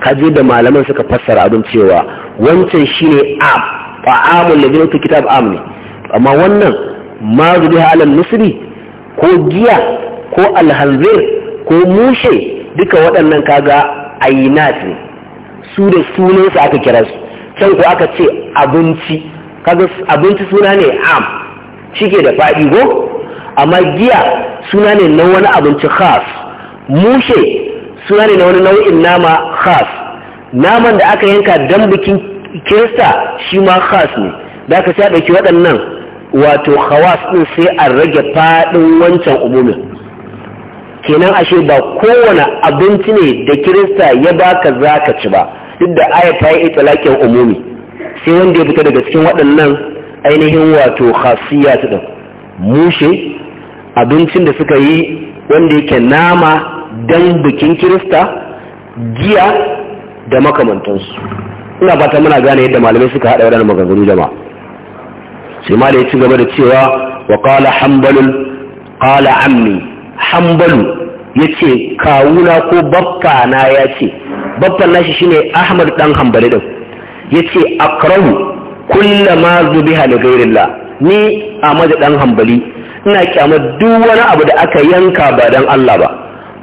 Speaker 1: kaje da malaman suka fassara abin cewa wancan shine am fa'amul ladina utul kitab am ne amma wannan ma zubiha halin ko giya ko alhalzir ko mushe duka waɗannan kaga ainat ne su da sunansu aka kira su can ko aka ce abinci kaga abinci suna ne am cike da faɗi go amma giya suna ne na wani abinci khas mushe suna ne na wani nau'in nama khas naman da aka yanka dan bikin kirista shi ma khas ne da aka sai ɗauki waɗannan wato khawas ɗin sai a rage faɗin wancan umumin kenan ashe ba kowane abinci ne da kirista ya baka zaka ci ba duk da aya ta yi itilakin umumi sai wanda ya fita daga cikin waɗannan ainihin wato khasiyya ta mushe abincin da suka yi wanda yake nama don bikin kirista giya da makamantansu ina fata muna gane yadda malamai suka haɗa waɗannan maganganu jama'a sai ma da ya ci gaba da cewa wa qala kala amni. hambalu ya ce, kawuna ko baffa na ya yace babban nashi shine Ahmad dan Hanbali din yace akrahu zubi ma li ghairillah ni a maji dan hambali ina kyamar duk wani abu da aka yanka ba dan Allah ba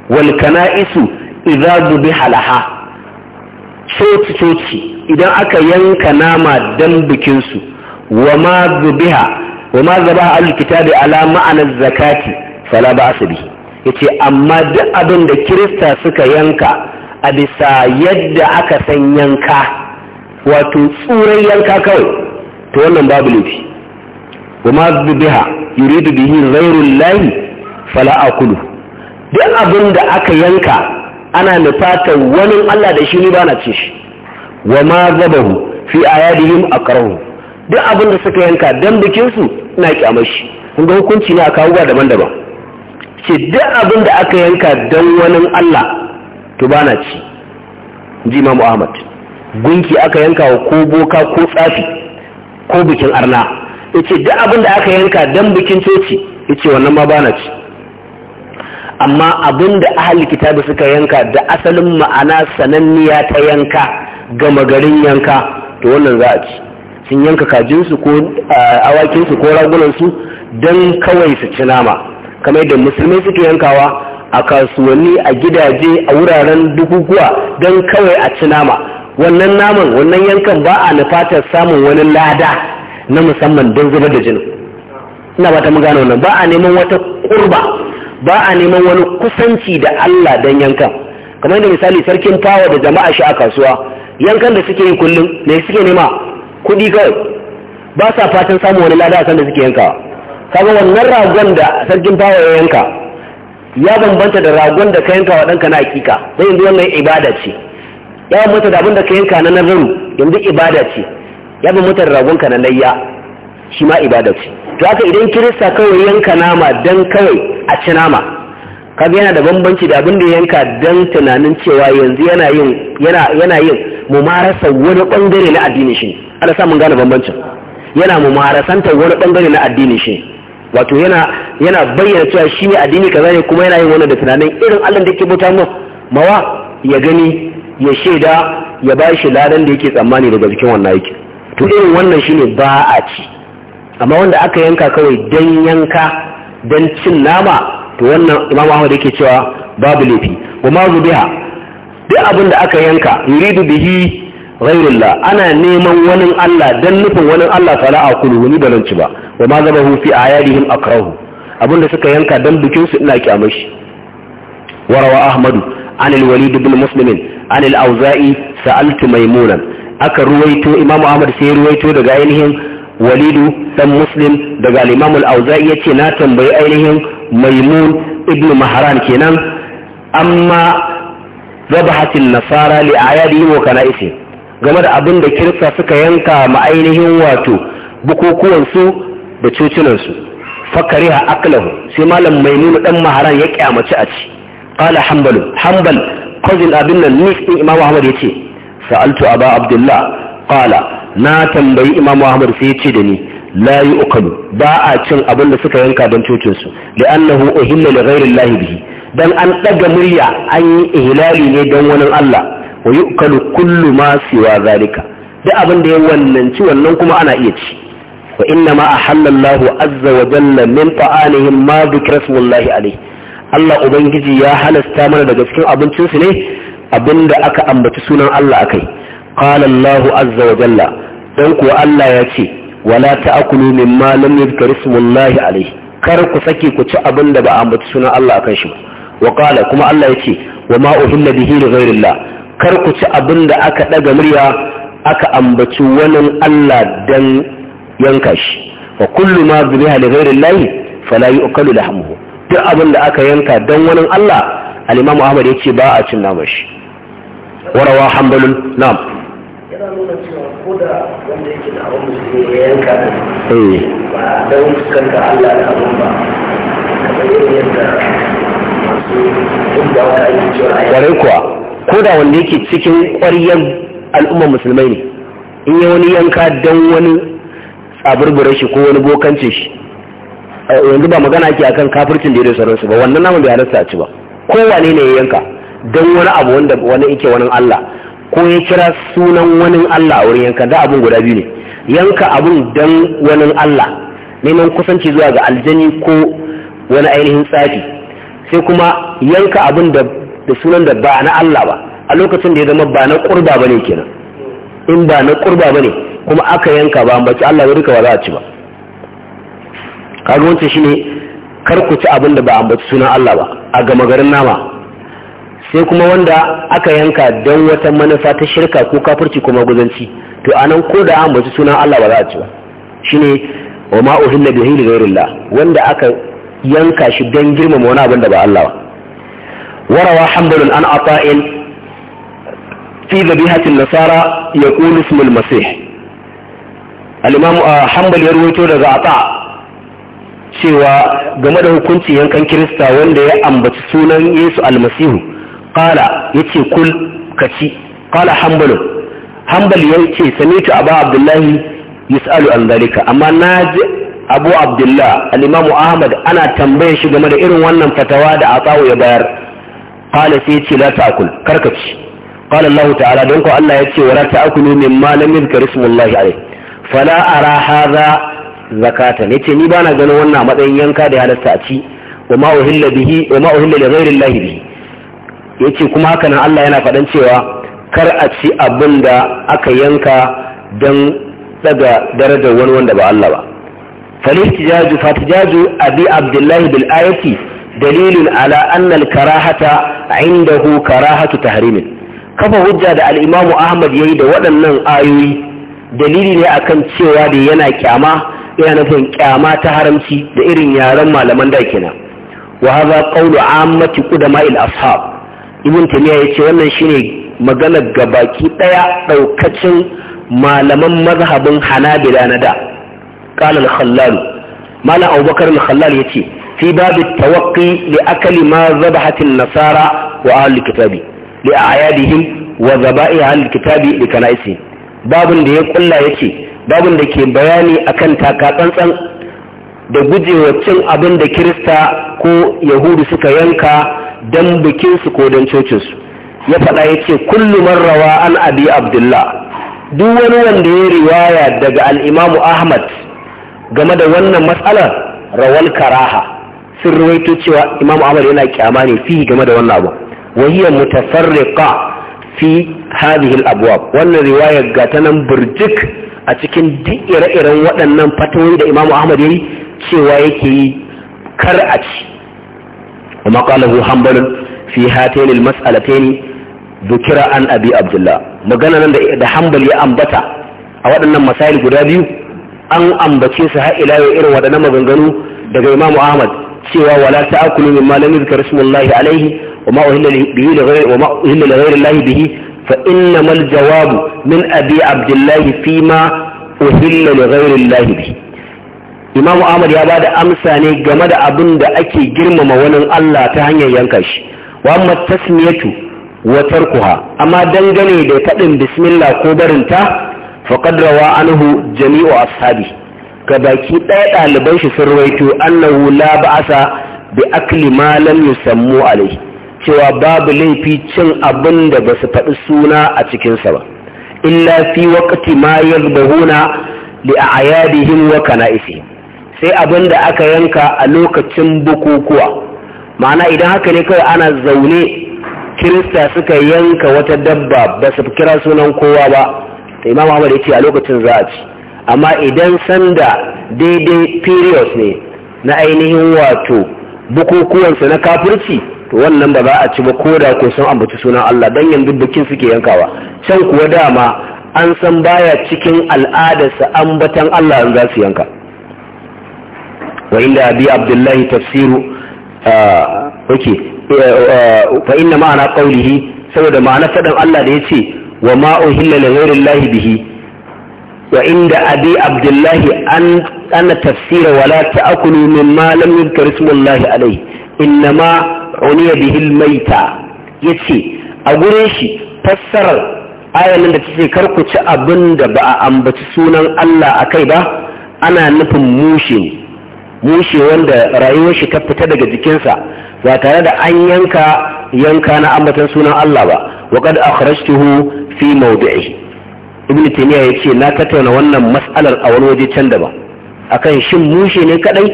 Speaker 1: wal kana'isu idza zubi halaha coci-coci idan aka yanka nama dan bikinsu wa ma zubiha wa ma zabaha ahlul kitabi ala ma'anar zakati fala ba'su yace amma duk abin da kirista suka yanka a bisa yadda aka san yanka wato tsuran yanka kawai to wannan babu laifi wa ma zubiha yuridu bihi ghayrul lahi fala akulu duk abin da aka yanka ana nufata wani Allah da shi ni ba na ci shi wa ma zabahu fi ayadihim akrahu duk abin da suka yanka don bikinsu na kyamar shi kun ga hukunci na ba daban-daban ce duk abin da aka yanka don wani Allah to ba na ci ji ma ahmad gunki aka yanka wa ko boka ko tsafi ko bikin arna ya ce duk abin da aka yanka don bikin coci ya ce wannan ma ba na ci amma abin da ahal kitabi suka yanka da asalin ma'ana sananniya ta yanka gama garin yanka to wannan za a ci sun yanka kajinsu ko awakinsu ko ragunansu don kawai su ci nama kamar da musulmai suke yankawa a kasuwanni a gidaje a wuraren dukukuwa don kawai a ci nama wannan naman wannan yankan ba a nufatar samun wani lada na musamman don zubar da jinin ina ba ta mu gano nan ba a neman wata kurba ba a neman wani kusanci da Allah don yankan kamar da misali sarkin fawa da jama'a shi a kasuwa yankan da suke yi kullum ne suke nema kuɗi kawai ba sa fatan samun wani lada a sanda suke yanka kaga wannan ragon da sarkin fawa ya yanka ya bambanta da ragon da ka yanka wa ɗanka na hakika sai yanzu wannan ibada ce ya bambanta da abin da ka yanka na nazaru yanzu ibada ce ya bambanta da ragon ka na layya shi ma ibada ce to haka idan kirista kawai yanka nama dan kawai a ci nama kaga yana da bambanci da abin da ya yanka don tunanin cewa yanzu yana yin yana yana yin mumarasa wani bangare na addini shi ala samun gane bambancin yana mumarasanta wani bangare na addinin shi wato yana bayyana cewa shi ne addini kaza ne kuma yana yin wannan da tunanin irin Allah da ke bauta mu mawa ya gani ya shaida ya ba shi ladan da yake tsammani daga jikin wannan yake to irin wannan shine ba a ci amma wanda aka yanka kawai dan yanka dan cin nama to wannan imamu ahmad yake cewa babu laifi wa ma zubiha duk abin da aka yanka yuridu bihi ghairullah ana neman wani Allah dan nufin wani Allah a akulu wani balan ci ba wa ma zabahu fi ayadihim akrahu abinda suka yanka dan bikin su ina kyamashi. warawa ahmadu an al-walid ibn muslim an al-auza'i sa'altu maymunan aka ruwaito imamu ahmad sai ruwaito daga ainihin walidu dan muslim daga limamul imam ya auzai yace na tambayi ainihin maimun ibnu mahran kenan amma zabahatin nasara li ayadihim wa kana'isihim game da abin da kirista suka yanka ma ainihin wato bukukuwansu da cocinansu fakariha aklahu sai malam maimun dan maharan ya kyamaci a ci qala hanbal hanbal cousin abin nan nis din ahmad yace sa'altu aba abdullah qala na tambayi Imam ahmad sai yace da ni la yu'kalu ba a cin abin da suka yanka don cocin su li'annahu uhilla li ghayri llahi bihi dan an daga murya an yi ihlali ne don wani Allah wa yu'kalu kullu ma siwa zalika duk abin da ya wannan ci wannan kuma ana iya ci wa inna ma a Allahu azza wa jalla min ta'anihim ma dhikra smullahi alayhi Allah ubangiji ya halasta mana daga cikin abincinsu ne abinda aka ambaci sunan Allah akai qala Allah azza wa jalla dan ko Allah ya ce wala ta'kulu mimma lam yuzkar ismullahi alayhi kar ku sake ku ci abinda da ba ambaci sunan Allah akan shi ba. qala kuma Allah ya ce wa ma uhilla bihi li kar ku ci abin aka ɗaga murya aka ambaci wani Allah dan yanka shi wa kullu ma zubiha li ghayrillah fala yu'kalu lahmuhu duk abin da aka yanka dan wani Allah al-Imam Ahmad yace ba a cin naman shi وروى حنبل نعم yana nuna cewa ko da wanda yake da abin musulmi ya yanka da eh. ba don Allah da abin ba kamar yadda masu wata cewa kuwa ko da wanda yake cikin ƙwaryen al'ummar musulmai ne in yi wani yanka don wani tsaburburar shi ko wani bokancin shi yanzu ba magana ake akan kafircin da ya sauransu ba wannan namun bai halarta ci ba kowane ne ya yanka don wani abu wanda wani ike wani Allah ko ya kira sunan wani Allah a wurin yanka da abun guda biyu ne yanka abun dan wani Allah neman kusanci zuwa ga aljani ko wani ainihin tsafi sai kuma yanka abun da sunan da ba na Allah ba a lokacin da ya zama ba na kurba ne kenan in ba na kurba ne kuma aka yanka ba baki Allah ba duka ba za a ci ba kaga wancan shine kar ku ci abin da ba ambaci sunan Allah ba a gama garin nama sai kuma wanda aka yanka don wata manufa ta shirka ko kafirci kuma guzanci to anan ko da an baci sunan Allah ba za a ci ba shine wa ma uhilla bihi li ghayrillah wanda aka yanka shi don girmama wani abin da ba Allah ba warawa an ata'in fi dhabihatin nasara yaqul ismul masih al-imam uh, hanbal ya ruwaito daga ata' cewa game da hukunci yankan kirista wanda ya ambaci sunan yesu almasihu qala yace kul ka kaci qala hanbal hanbal yace samitu abu abdullahi yus'alu an dalika amma naji abu abdullah al-imam ahmad ana tambayar shi game da irin wannan fatawa da atawu ya bayar qala sai yace la ta'kul ci qala allah ta'ala don ko allah yace wala ta'kulu mimma lam yuzkar ismullahi alayh fala ara hadha zakatan yace ni bana ganin wannan matsayin yanka da halasta a ci wa ma uhilla bihi wa ma uhilla li ghayri allah bihi ya ce kuma haka nan Allah yana faɗin cewa kar a ci abin da aka yanka don daga darajar wani wanda ba Allah ba falis tijaju fatijaju abi abdullahi bil dalilin ala anna al karahata indahu karahatu tahrim kafa hujja da al ahmad yayi da waɗannan ayoyi dalili ne akan cewa da yana kyama yana nufin kyama ta haramci da irin yaren malaman da kenan wa hadha qawlu ammati al ashab ibn tamiya ya ce wannan shine maganar ga baki ɗaya ɗaukacin malaman mazhabin hanabila na da qala al-khallal malam abubakar al-khallal yace fi babu tawaqqi li akali ma zabahat an-nasara wa ahli kitabi li a'yadihim wa zaba'i ahli kitabi li kanaisi babun da ya kulla yace babun da ke bayani akan takatsantsan da gujewa cin abin da kirista ko yahudu suka yanka don bikinsu ko don cocinsu ya faɗa ya ce kullum rawa an abi abdullah duk wani wanda ya riwaya daga al'imamu ahmad game da wannan matsalar rawal karaha sun ruwaito cewa imamu ahmad yana kyama ne fi game da wannan abu wahiyar mutafarriqa fi hadhihi al wannan riwayar ga ta nan burjik a cikin duk ire-iren waɗannan fatoyi da imamu ahmad yayi cewa yake yi kar a ci وما قاله حنبل في هاتين المسألتين ذكر عن أبي عبد الله مغانا نند ده حنبل يا امبتا اودن مسائل غدا بيو ان امبتي سها الى ير ودن مغنغنو ده امام احمد cewa wala ta'akulu min malam yuzkar ismu allah alayhi wama uhilla bihi li ghayri wama uhilla li ghayri allah bihi fa inna al jawab min abi abdullah fi ma uhilla li ghayri allah bihi imamu ahmad ya bada amsa ne game da abin da ake girmama wani allah ta hanyar yanka shi wa amma tasmiyatu wa tarkuha amma dangane da faɗin bismillah ko barinta faqad rawa anhu jami'u ashabi ga baki ɗaya ɗaliban shi sun rawaito annahu la ba'asa bi akli ma lam yusammu alai cewa babu laifi cin abin da ba su faɗi suna a cikinsa ba illa fi waqti ma yadhbahuna li a'yadihim wa kana'isihim sai abin da aka yanka a lokacin bukukuwa ma'ana idan haka ne kawai ana zaune kirista suka yanka wata dabba ba su kira sunan kowa ba ta imam ahmad ya ce a lokacin za a ci amma idan sanda daidai period ne na ainihin wato bukukuwansa na kafirci to wannan ba za a ci ba ko da ko san ambaci sunan Allah don yanzu bikin suke yankawa can kuwa dama an san baya cikin al'adarsa ambatan Allah in za su yanka وعند أبي عبد الله تفسير آه أوكي آه فإن معنى قوله سبب معنى فدم الله ديتي وما أهل لغير الله به وعند أبي عبد الله أن, أن تفسير ولا تأكلوا مما لم يذكر اسم الله عليه إنما عني به الميتة يتي أقول شيء فسر ayar nan da ta ce karku ci abin da ba a ambaci sunan Allah a kai ba ana nufin mushe ne mushe wanda rayuwar shi ta fita daga jikinsa ba tare da an yanka yanka na ambatan sunan Allah ba wa kad akhrajtuhu fi mawdi'i ibn taymiya yace na tattauna wannan mas'alar a wani waje can daban akan shin mushe ne kadai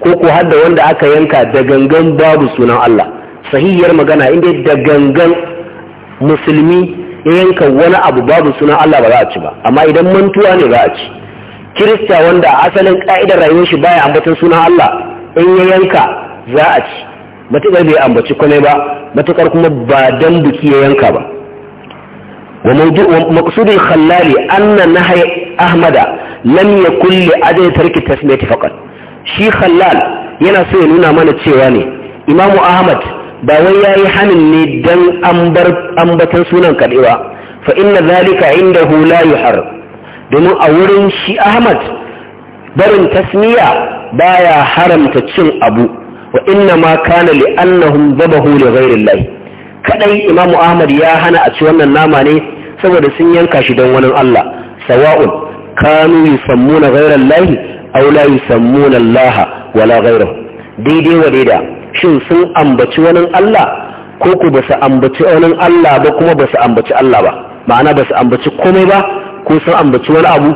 Speaker 1: ko ko har da wanda aka yanka da gangan babu sunan Allah sahihiyar magana inda da gangan musulmi ya yanka wani abu babu sunan Allah ba za a ci ba amma idan mantuwa ne za a ci kirista wanda a asalin ka'idar rayuwar shi baya ambatan sunan Allah in ya yanka za a ci matukar bai ambaci komai ba matukar kuma ba dan buki ya yanka ba wa maqsudul khallali anna nahya ahmada lam yakul li ajli tarki tasmiyati faqat shi khallal yana so ya nuna mana cewa ne imamu ahmad ba wai yayi hanin ne dan ambar ambatan sunan ba fa inna zalika indahu la yuharram domin a wurin shi ahmad barin tasmiya baya haramta cin abu wa inna ma kana li annahum dabahu li Kaɗai llahi kadai ahmad ya hana a ci wannan nama ne saboda sun yanka shi don wani Allah sawa'un kanu yusammuna ghairal lahi aw la yusammuna allaha wala ghairuhu daidai wa daida shin sun ambaci wani Allah ko ku basu ambaci wani Allah ba kuma basu ambaci Allah ba ma'ana basu ambaci komai ba ko sun ambaci wani abu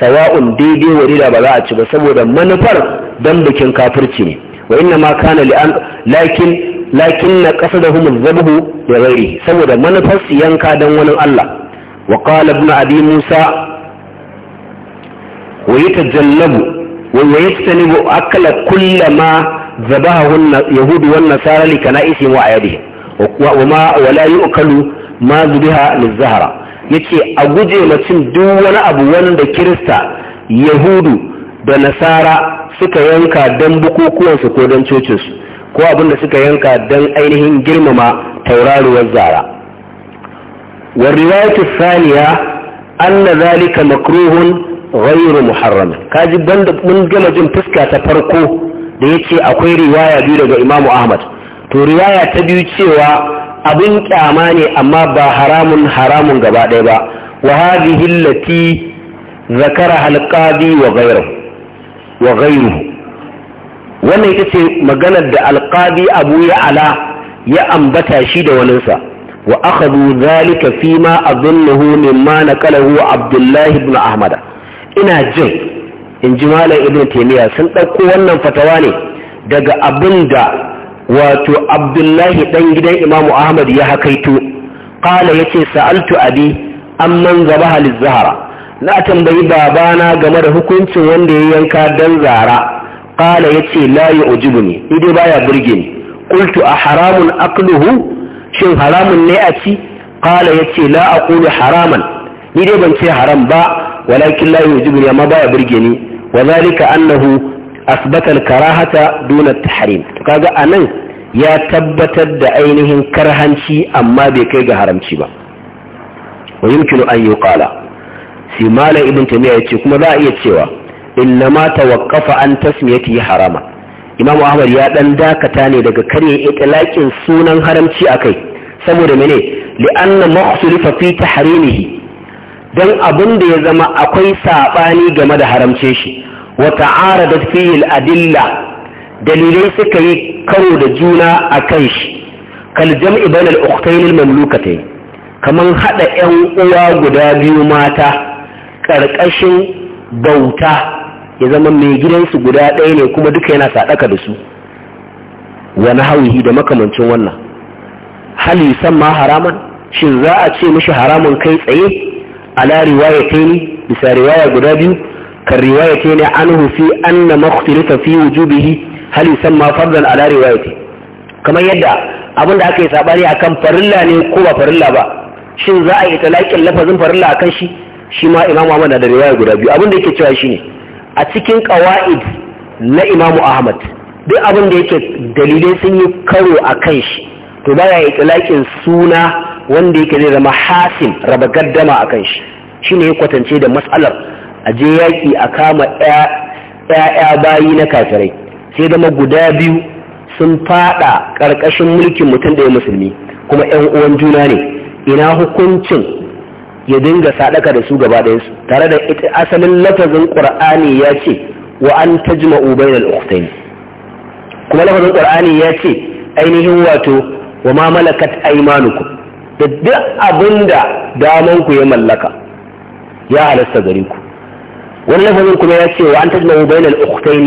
Speaker 1: sawa'un daidai wani da ba za a ci ba saboda manufar dan bikin kafirci ne wa inna ma kana li'an lakin lakin na kasa da humul zabuhu ya gairi saboda manufar su yanka dan wani Allah wa qala ibn abi musa wa yatajallabu wa yastanibu akala kullama zabahu yahud wan nasara li kana'isihim wa ayadihim wa ma wala yu'kalu ma zubiha lizahra yace a guje ma duk wani abu wanda kirista yahudu da nasara suka yanka don bukukuwansu ko don cocinsu ko abinda suka yanka don ainihin girmama tauraruwar zara wa riwayatu thaniya anna zalika makruhun ghairu muharram kaji banda mun gama jin fuska ta farko da yace akwai riwaya biyu daga Imam Ahmad to riwaya ta biyu cewa abin kyama ne amma ba haramun haramun gaba ɗaya ba wa hadhihi allati zakara alqadi wa gairu wannan ita ce maganar da alqadi abu ya ala ya ambata shi da waninsa wa akhadhu zalika fima adunnuhu mimma naqalahu abdullah ibn ahmad ina jin in ji malam ibn taymiya sun ɗauko wannan fatawa ne daga da. wato abdullahi ɗan gidan imamu ahmad ya hakaito ya yace sa'altu abi amman halis zahra, na tambayi babana game da hukuncin wanda ya yanka dan zara qala yace la yu'jibuni idai baya birge ni qultu a haramun aqluhu shin haramun ne a ci qala yace la aqulu haraman ni dai ban ce haram ba walakin la yu'jibuni amma baya birge ni wa zalika annahu asbatal karahata duna tahrim to kaga anan ya tabbatar da ainihin karhanci amma bai kai ga haramci ba wa yumkinu an yuqala sai malam ibn tamiya yace kuma za a iya cewa innama tawaqqafa an tasmiyati harama imam ahmad ya dan dakata ne daga karya itlaqin sunan haramci akai saboda mene li'anna makhsulifa fi tahrimihi dan abin da ya zama akwai sabani game da haramce shi wata ta'aradat fiyil a adilla dalilai suka yi karo da juna a kan shi kal jam'i bainal ukhtayn mamlukatai kamar kaman yan uwa guda biyu mata ƙarƙashin bauta ya zama mai gidansu guda ɗaya ne kuma duka yana saɗaka da su wani hauhi da makamancin wannan hali san ma haraman shi za a ce mashi haramun kai tsaye ala riwaya ta bisa riwaya guda biyu kan riwayate ne anhu fi anna makhtilifa fi wujubihi hal yusamma fardan ala riwayati kamar yadda abin da aka yi sabani akan farilla ne ko ba farilla ba shin za a yi talakin lafazin farilla akan shi shi ma imamu ahmad da riwaya guda biyu abin da yake cewa shine a cikin qawaid na imamu ahmad duk abin da yake dalilai sun yi karo akan shi to ba ya yi talakin suna wanda yake zai zama hasim raba gaddama akan shi shine ya kwatance da mas'alar a je yaƙi a kama ‘ya'ya bayi na kafirai sai zama guda biyu sun fada ƙarƙashin mulkin mutum da ya musulmi kuma ‘yan uwan juna ne ina hukuncin ya dinga sadaka da su gaba ɗayansu tare da ita asalin lafazin ƙur'ani ya ce wa an tajma'u da ukhtayn kuma lafazin ƙur'ani ya ce ainihin wato wa ma malakat aymanukum da duk abinda damanku ya mallaka ya halasta gare ku wani lafazin kuma ya ce wa an tajmahu bainal ukhtayn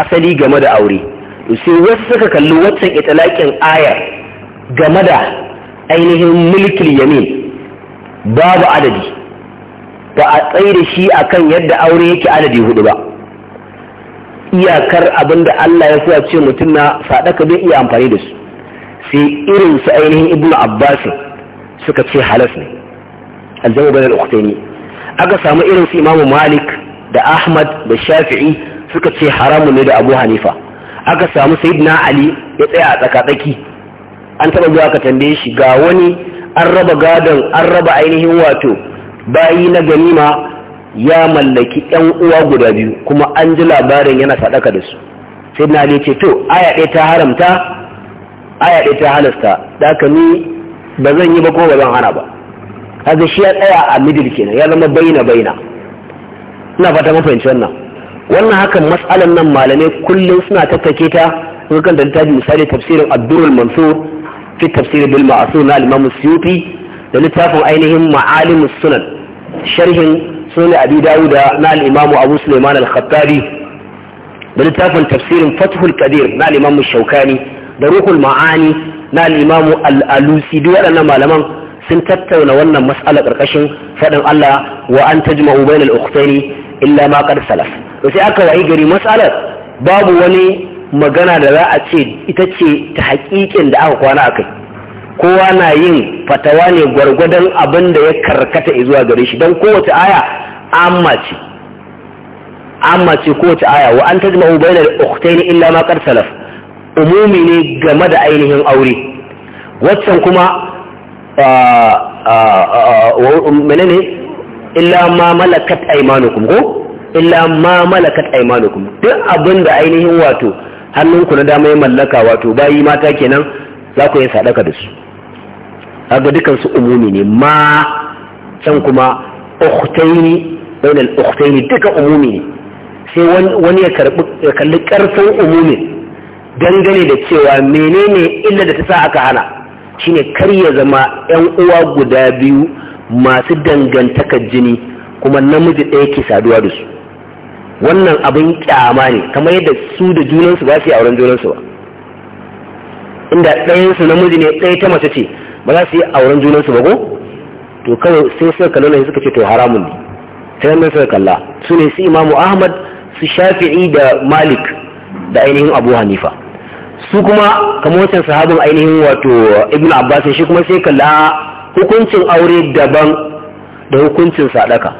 Speaker 1: asali game da aure to sai wasu suka kalli waccan italakin ayar game da ainihin mulkil yamin babu adadi ba a tsaye da shi akan yadda aure yake adadi hudu ba iyakar abinda Allah ya so ce mutum na sadaka bai iya amfani da su sai irin su ainihin ibnu abbas suka ce halas ne aljamu bainal ukhtayn aka samu irin su imamu malik da ahmad da shafi'i suka ce haramun ne da abu hanifa aka samu sayyidina ali ya tsaya a tsakatsaki an taba zuwa ka tambaye shi ga wani an raba gadon an raba ainihin wato bayi na ganima ya mallaki ɗan uwa guda biyu kuma an ji labarin yana sadaka da su sayyidina ali ce to aya ɗaya ta haramta aya ɗaya ta halasta da ka ni ba zan yi ba ko ba zan hana ba kaga shi ya tsaya a middle kenan ya zama baina baina ina fata mun fahimci wannan wannan hakan matsalar nan malamai kullum suna tattake ta kun kan misali tafsirin abdurul mansur fi tafsir bil ma'sur na al-imam suyuti da littafin ainihin ma'alimus sunan sharhin sunan abi dawuda na al-imam abu sulaiman al-khattabi da littafin tafsirin fathul qadir na al-imam shaukani da ruhul ma'ani na al-imam al-alusi duk waɗannan malaman sun tattauna wannan mas'ala ƙarƙashin faɗin Allah wa an tajma'u bainal ukhtaini illa ma kar salaf to sai aka wayi gari matsalar babu wani magana da za a ce ita ce ta haƙiƙin da aka kwana a kai kowa na yin fatawa ne gwargwadon abin da ya karkata zuwa gare shi don kowace aya amma ce amma ce kowace aya wa an tajma'u bainal ukhtayn illa ma qad salaf umumi ne game da ainihin aure waccan kuma ah, ah, ah, menene illa ma malakat aymanukum ko illa ma malakat aymanukum duk abin da ainihin wato hannunku na dama ya mallaka wato bayi mata kenan za ku yi sadaka da su kaga dukan su umumi ne ma can kuma ukhtaini bainal ukhtaini duka umumi ne sai wani ya karbi ya kalli karfin umumi dangane da cewa menene illa da ta sa aka hana shine kar ya zama yan uwa guda biyu masu dangantakar jini kuma namiji ɗaya ke saduwa da su wannan abin kyama ne kamar yadda su da junansu ba su yi auren junansu ba inda ɗayansu namiji ne ɗaya ta mace ce ba za su yi auren junansu ba ko to kawai sai suka kalla ne suka ce to haramun ne sai wannan suka kalla su ne su imamu ahmad su shafi'i da malik da ainihin abu hanifa su kuma kamar wancan sahabin ainihin wato ibn abbas shi kuma sai kalla hukuncin aure daban da hukuncin sadaka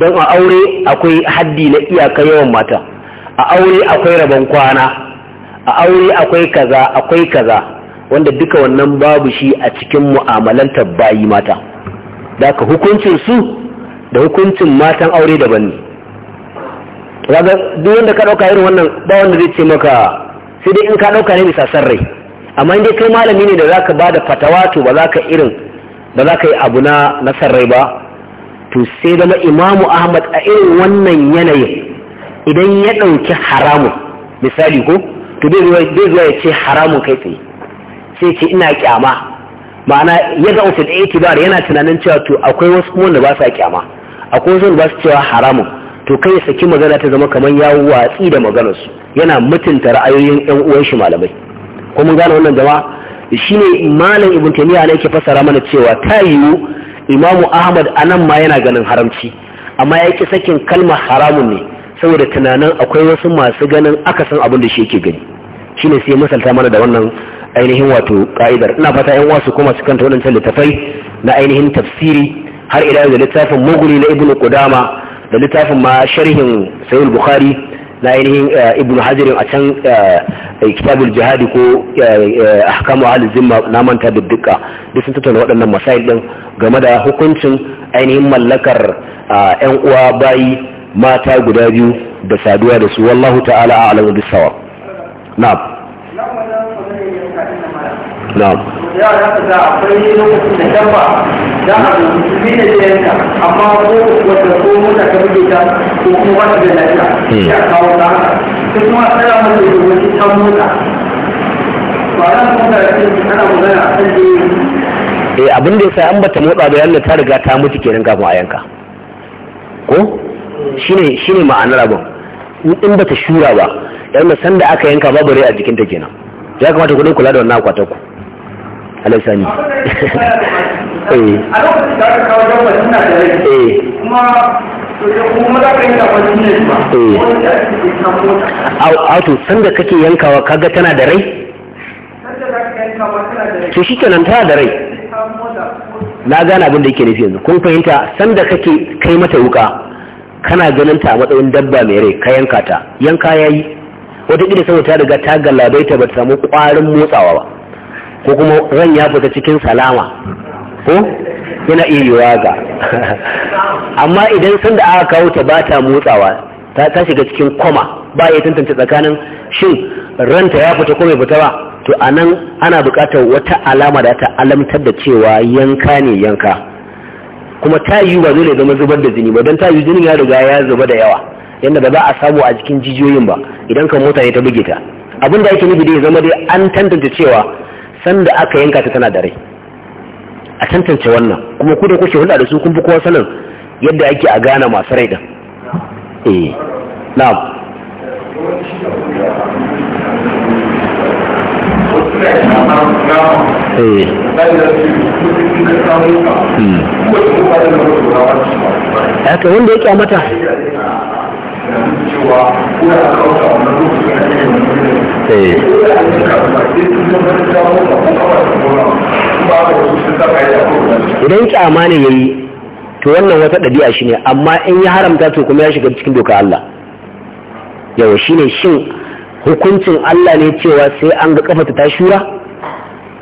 Speaker 1: don a aure akwai haddi na iyaka yawan mata a aure akwai rabon kwana a aure akwai kaza akwai kaza wanda duka wannan babu shi a cikin mu'amalantar bayi mata da ka hukuncin su da hukuncin matan aure daban ne duk wanda ka ɗauka irin wannan ba wanda zai ce maka sai dai in ka ɗauka ne bisa san rai amma in dai kai malami ne da za ka ba da fatawa to ba za ka irin ba za ka yi abu na nasar rai ba to sai zama imamu ahmad a irin wannan yanayin idan ya ɗauki haramun misali ko to bai zuwa ya ce haramun kai tsaye sai ce ina kyama ma'ana ya ga ofin itibar yana tunanin cewa to akwai wasu kuma wanda ba sa kyama akwai wasu wanda ba su cewa haramun to kai ya saki magana ta zama kamar ya watsi da maganarsu yana mutunta ra'ayoyin yan uwanshi malamai ko mun gane wannan jama'a shine malam ibn taimiyya ne ke fasara mana cewa ta yiwu imamu ahmad anan ma yana ganin haramci amma ya ki sakin kalma haramun ne saboda tunanin akwai wasu masu ganin akasin abin da shi yake gani Shi ne sai misalta mana da wannan ainihin wato ka'idar ina fata yan wasu kuma su kanta waɗancan littafai na ainihin tafsiri har ila da littafin muguli na ibnu qudama da littafin ma sharhin sahih bukhari na ainihin eh, ibn hajarin a can eh, kitabul jihadi ko eh, ahkamu ahli zimma na manta da duka duk sun tattauna waɗannan masail ɗin, game da hukuncin ainihin mallakar yan uwa bayi mata guda biyu da saduwa da su wallahu ta'ala a'lamu bis na'am na'am ya za ka ga akwai lokacin da dabba za a zo bi da jiyanta amma ko wata ko mota ta buge ta ko kuma ba ta da lafiya hmm. ya kawo ta haka ko kuma tsaya mata da wani ta mota ba za ka mota da cikin ana magana a kan eh abin da ya sa an bata motsa da yalla ta riga ta mutu kenan kafin a yanka ko shine shine ma'anar abin in bata shura ba yalla sanda aka yanka babu rai a jikin ta kenan ya kamata ku kula da wannan ku. alasani eh a lokacin da da sanda kake yankawa kaga tana da rai? To shi kenan tana da rai. Na gane abin da yake nufi yanzu. Kun fahimta sanda kake kai mata wuka kana ganin ta a matsayin dabba mai rai ka yanka ta. Yanka ya yi. Wataƙila saboda ta riga ta gallabaita ba ta samu ƙwarin motsawa ba. ko kuma ran ya fita cikin salama ko yana iya yiwa ga amma idan sanda aka kawo ta ba ta motsawa ta shiga cikin koma ba ya tantance tsakanin shin ranta ya fita ko bai fita ba to anan ana buƙatar wata alama da ta alamtar da cewa yanka ne yanka kuma ta yiwu ba zai zama zubar da jini ba don ta yiwu jinin ya riga ya zuba da yawa yadda ba za a samu a jikin jijiyoyin ba idan ka mota ne ta buge ta abin da ake nufi da zama dai an tantance cewa sanda aka yanka ta tana da rai a tantance wannan kuma ku da kuke hulɗa da su kun fi kowa sanin yadda ake a gane masu rai din eh na'am eh hmm. haka wanda ya kyamata Eh. idan kyama ne yayi to wannan wata ɗabi'a shi ne amma in ya haramta to kuma ya shiga cikin doka Allah yau shi ne shin hukuncin Allah ne cewa sai an ga kafata ta shura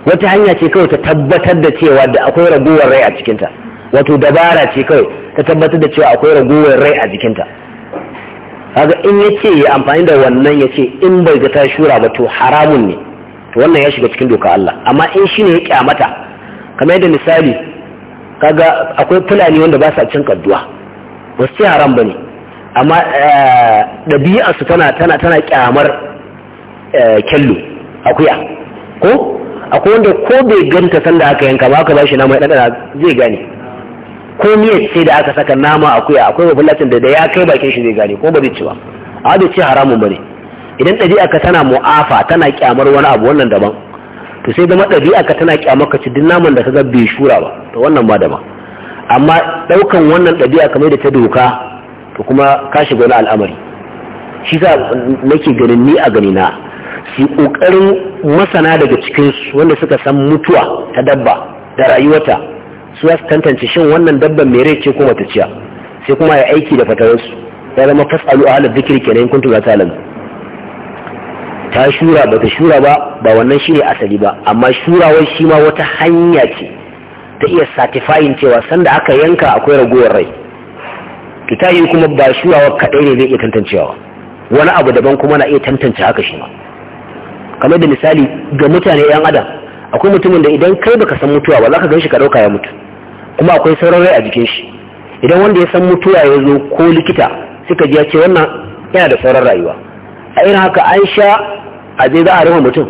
Speaker 1: wata hanya ce kawai ta tabbatar da cewa da akwai ragowar rai a cikinta wato dabara ce kawai ta tabbatar da cewa akwai ragowar rai a jikinta kaga in ya ce ya amfani da wannan yace in bai ga ta shura ba to haramun ne to wannan ya shiga cikin doka Allah amma in shine ya kyamata kamar yadda misali kaga akwai fulani wanda ba sa cin kadduwa ba su haram ba ne amma eh, su tana tana tana kyamar eh, kyallo akuya ko akwai wanda ko bai ganta sanda haka yanka ba aka ba shi na mai ɗanɗana zai gane ko miyar ce da aka saka nama akuya akwai babulacin da da ya kai bakin shi zai gane ko ba zai ci ba a wajen ce haramun ba ne idan ɗabi'a ka tana mu'afa tana kyamar wani abu wannan daban to sai zama ɗabi'a ka tana kyamar ka ci duk naman da ka ga bai shura ba to wannan ba daban amma ɗaukan wannan ɗabi'a mai da ta doka to kuma ka shiga wani al'amari shi sa nake ganin ni a gani na su ƙoƙarin masana daga cikinsu wanda suka san mutuwa ta dabba da rayuwata su za su tantance shin wannan dabban mai rai ce ko ciya sai kuma ya aiki da fatararsu ya zama fasalu halar zikiri kenan in kuntum ta ta'lamu ta shura ba ta shura ba ba wannan shi ne asali ba amma shurawar shi ma wata hanya ce ta iya satifayin cewa sanda aka yanka akwai ragowar rai to ta yi kuma ba shurawa kadai ne zai iya tantancewa wani abu daban kuma na iya tantance haka shi ma kamar da misali ga mutane yan adam akwai mutumin da idan kai baka san mutuwa ba za ka gan shi ka ɗauka ya mutu kuma akwai sauran rai a jikin shi idan wanda ya san mutuwa ya zo ko likita suka ji ce wannan yana da sauran rayuwa a irin haka an sha a je za a rama mutum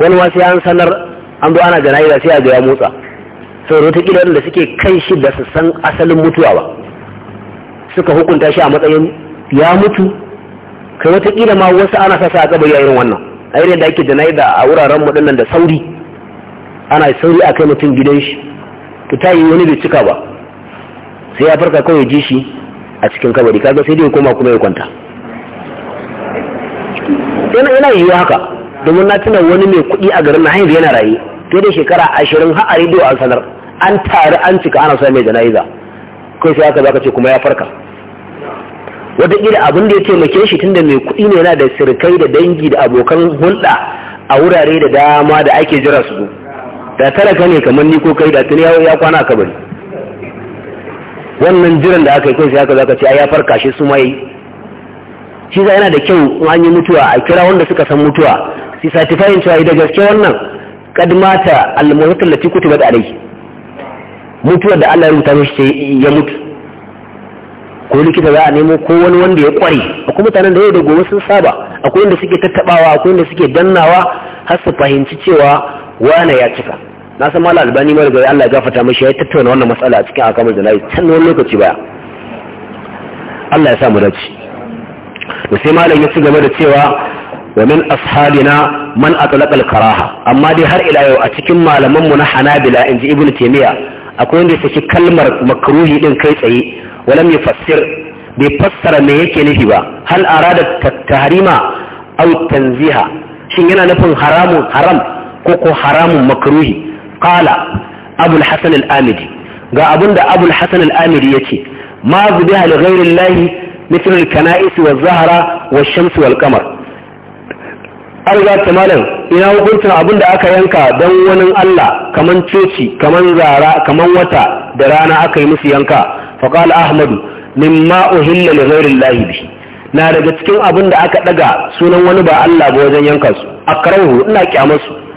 Speaker 1: wani ma sai an sanar an zo ana jana'iza sai a ga ya motsa sau da kila da suke kan shi da su san asalin mutuwa ba suka hukunta shi a matsayin ya mutu kai watakila ma wasu ana sasa a kabari a irin wannan a irin da ake da a wuraren mu da sauri ana sauri a kai mutum gidan shi to ta yi wani bai cika ba sai ya farka kawai ji shi a cikin kabari kaga sai dai koma kuma ya kwanta yana yana yi haka domin na tuna wani mai kuɗi a garin na yana raye To da shekara ashirin har a rediyo an sanar an taru an cika ana sa janayiza kai sai aka zaka ce kuma ya farka wataƙila abin da ya taimake shi tunda mai kuɗi ne yana da sirkai da dangi da abokan hulɗa a wurare da dama da ake jira su da talaka ne kamar ni ko kai da tuni ya kwana ka bari. wannan jiran da aka yi kai sai zaka ce ai ya farka shi su mai shi za yana da kyau in an yi mutuwa a kira wanda suka san mutuwa si satifayin cewa da gaske wannan kadmata almuhatul lati kutibat mutuwa da Allah ya rubuta mishi ya mutu ko likita za a nemo ko wani wanda ya kware akwai mutanen da yau da gobe sun saba akwai wanda suke tattabawa akwai wanda suke dannawa har su fahimci cewa wane ya cika na san Malam albani mara gari Allah ya gafata mashi ya tattauna wannan matsala a cikin akamar da nayi can wani lokaci baya Allah ya sa mu dace da sai malam ya ci gaba da cewa wa min ashabina man atlaqa al-karaha amma dai har ila yau a cikin malaman mu na Hanabila inji Ibn Taymiya, akwai wanda saki kalmar makruhi din kai tsaye walam yufassir bai fassara me yake nufi ba hal arada tahrima aw tanziha shin yana nufin haramun haram ko ko haramun makruhi kala abul hassan al-amidi ga abinda abul hassan al-amidi ce ma zubiha li ghairi llahi mithl al wa zahra wa shams wal za ta malam ina hukuncin da aka yanka don wani Allah kaman coci kaman zara kamar wata da rana aka yi musu yanka faqala ahmadu min uhilla li ghairi llahi na daga cikin abin da aka ɗaga sunan wani ba Allah ba wajen yanka su a karahu ina kyamarsu.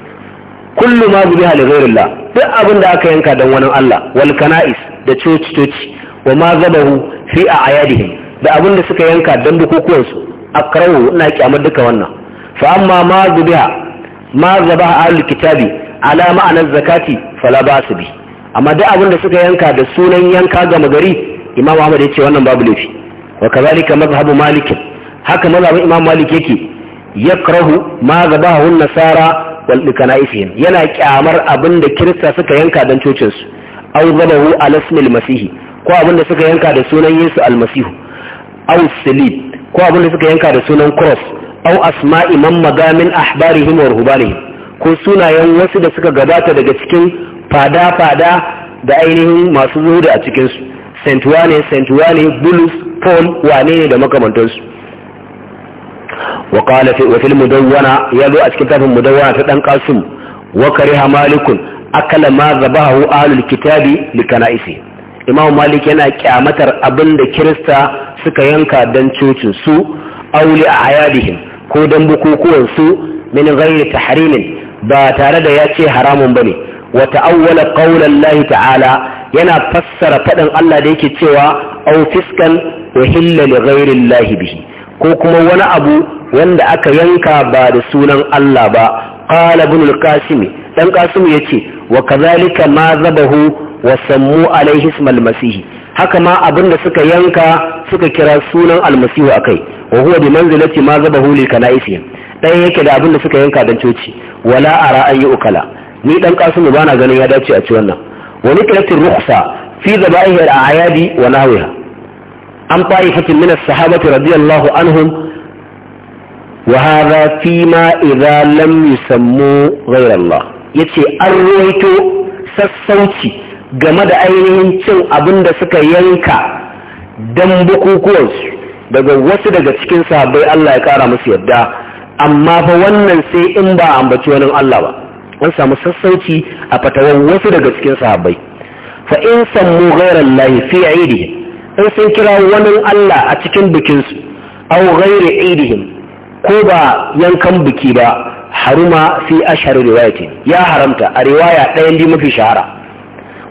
Speaker 1: kullu ma zubiha li ghayrillah duk abin da aka yanka dan wani Allah wal kana'is da coci coci wa ma zabahu fi a'yadihim da abin da suka yanka dan bukukuwan su akrawu ina kiyamar duka wannan fa amma ma zubiha ma zabaha ahlul kitabi ala ma'anar zakati fala basu bi amma duk abin da suka yanka da sunan yanka ga magari imam Ahmad ya ce wannan babu laifi wa kazalika mazhabu malik haka mazhabu imam malik yake yakrahu ma zabahu an-nasara likanaifihim yana kyamar abin da kirista suka yanka don cocinsu au zabahu alasmil masihi ko abin da suka yanka da sunan yesu almasihu au silib ko abin da suka yanka da sunan cross au asma'i man magamin ahbarihim wa ruhbanihim ko sunayen wasu da suka gabata daga cikin fada-fada da ainihin masu zuhuda a cikinsu saint wane saint wane bulus paul wane ne da makamantansu wa qala fi wafil mudawwana a cikin tafin mudawwana ta dan qasim wa kariha malikun akala ma zabahu ahlul kitabi likana'isi imam malik yana kyamatar abinda kirista suka yanka dan cocin su auli a ayadihim ko dan bukukuwan su min ghairi tahrimin ba tare da ya ce haramun bane Wata ta'awwala qawlan lahi ta'ala yana fassara faɗin Allah da yake cewa au fiskan wa hilla li ghairi bihi ko kuma wani abu wanda aka yanka ba da sunan Allah ba qala ibn al-qasim dan qasim yace wa kazalika ma zabahu wa sammu alaihi ismal masih haka ma abinda suka yanka suka kira sunan almasihu akai wa huwa bi manzilati ma zabahu li kanaisihim dan yake da abinda suka yanka dan coci wala ara ayi ukala ni dan qasim bana ganin ya dace a ci wannan wa nikratir rukhsa fi zabaihi al-a'yadi wa nawiha an ta'ifatin min as-sahabati radiyallahu anhum wa hadha ma idza lam yusammu ghayra Allah yace an ruwaito sassauci game da ainihin cin abin da suka yanka dan su daga wasu daga cikin sahabbai Allah ya kara musu yadda amma fa wannan sai in ba ambaci wani Allah ba an samu sassauci a fatawan wasu daga cikin sahabbai fa in sammu ghayra Allah fi aidihim in sun kira wani Allah a cikin bikinsu aw ghairi idihim ko ba yankan biki ba haruma fi ashhar riwayatin ya haramta a riwaya ɗayan bi mafi shahara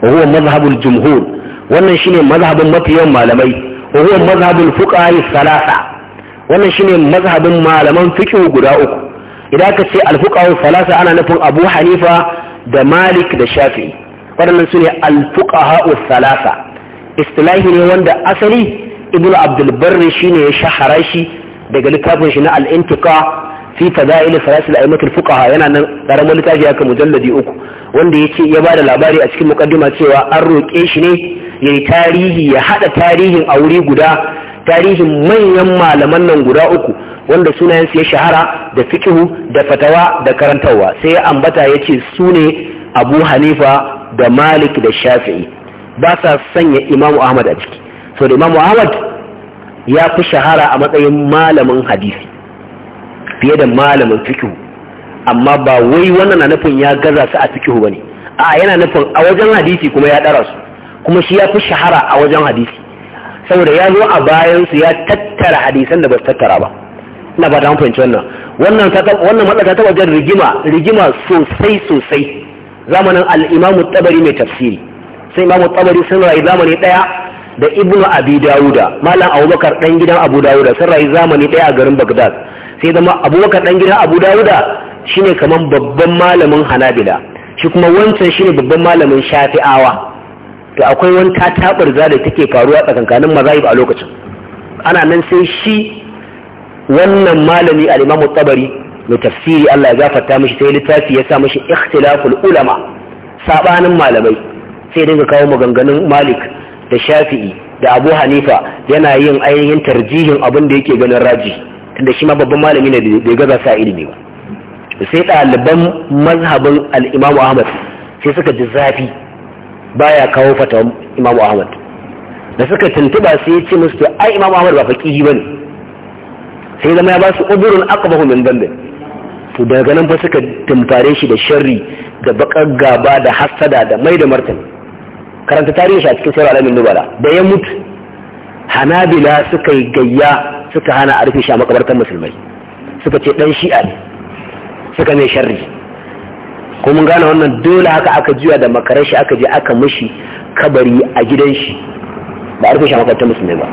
Speaker 1: wa huwa mazhabul jumhur wannan shine mazhabin yawan malamai wa huwa mazhabul fuqaha salasa wannan shine mazhabin malaman fiqh guda uku idan ka ce al-fuqaha salasa ana nufin Abu Hanifa da Malik da Shafi'i waɗannan sune al-fuqaha salasa istilahi ne wanda asali ibnu abdulbarri shi ne ya shahara shi daga littafin shi na al'intika fi fada'il farasil aimatul fuqaha yana nan karamar littafi haka mujalladi uku wanda ya ce ya ba da labari a cikin mukaddima cewa an roƙe shi ne ya yi tarihi ya haɗa tarihin a wuri guda tarihin manyan malaman nan guda uku wanda sunayensu ya shahara da fikihu da fatawa da karantarwa sai ya ambata ya ce su ne abu hanifa da malik da shafi'i ba sa sanya imamu ahmad a ciki so da imamu ahmad ya fi shahara a matsayin malamin hadisi fiye da malamin fikihu amma ba wai wannan na nufin ya gaza su a fikihu ba ne a yana nufin a wajen hadisi kuma ya ɗara su kuma shi ya fi shahara a wajen hadisi saboda ya zo a bayansu ya tattara hadisan da ba su tattara ba ina ba ta fahimci wannan wannan matsaka ta wajen rigima rigima sosai sosai zamanin al'imamu tabari mai tafsiri sai imamu tabari sun rayu zamani daya da ibnu abi dawuda malam abubakar dan gidan abu dawuda sun rayu zamani daya a garin bagdad sai zama abubakar dan gidan abu dawuda shine kaman babban malamin hanabila shi kuma wancan shine babban malamin shafi'awa to akwai wani za da take faruwa tsakankanin mazahib a lokacin ana nan sai shi wannan malami al-imamu tabari mai tafsiri Allah ya gafarta mishi sai littafi ya sa mishi ikhtilaful ulama sabanin malamai sai dinga kawo maganganun malik da shafi'i da abu hanifa yana yin ainihin tarjihin abin da yake ganin raji tunda shi ma babban malami ne bai gaza sa ilimi ba sai ɗaliban mazhabin al'imamu ahmad sai suka ji zafi baya kawo fatawa imamu ahmad da suka tuntuba sai ya ce musu to ai imamu ahmad ba faƙihi ba ne sai zama ya ba su uburin aqbahu min dambe to daga nan fa suka tumfare shi da sharri da baƙar gaba da hasada da mai da martani karanta tarihi a cikin sauran alamin nubala da ya mutu hanabila suka yi gayya suka hana a rufe shi a makabartar musulmai suka ce dan shi'a ne suka mai sharri ko mun gane wannan dole haka aka juya da makarar shi aka je aka mishi kabari a gidan shi ba a rufe shi a makabartar musulmai ba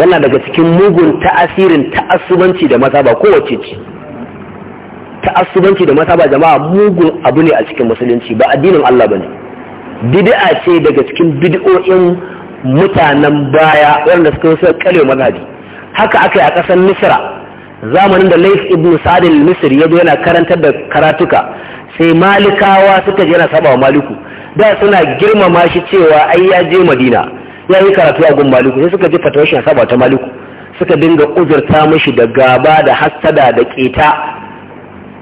Speaker 1: wannan daga cikin mugun ta'asirin ta'asubanci da mata ba kowace ce ta'asubanci da mata ba jama'a mugun abu ne a cikin musulunci ba addinin Allah bane bid'a ce daga cikin bid'o'in mutanen baya wanda suka suka kalewa mazhabi haka aka yi a ƙasar misra zamanin da laif ibn sa'ad al-misri yazo yana karantar da karatuka sai malikawa suka je yana saba maliku da suna girmama shi cewa ai ya je madina ya yi karatu a gun maliku sai suka ji fatawar shi saba ta maliku suka dinga uzurta mashi da gaba da hassada da keta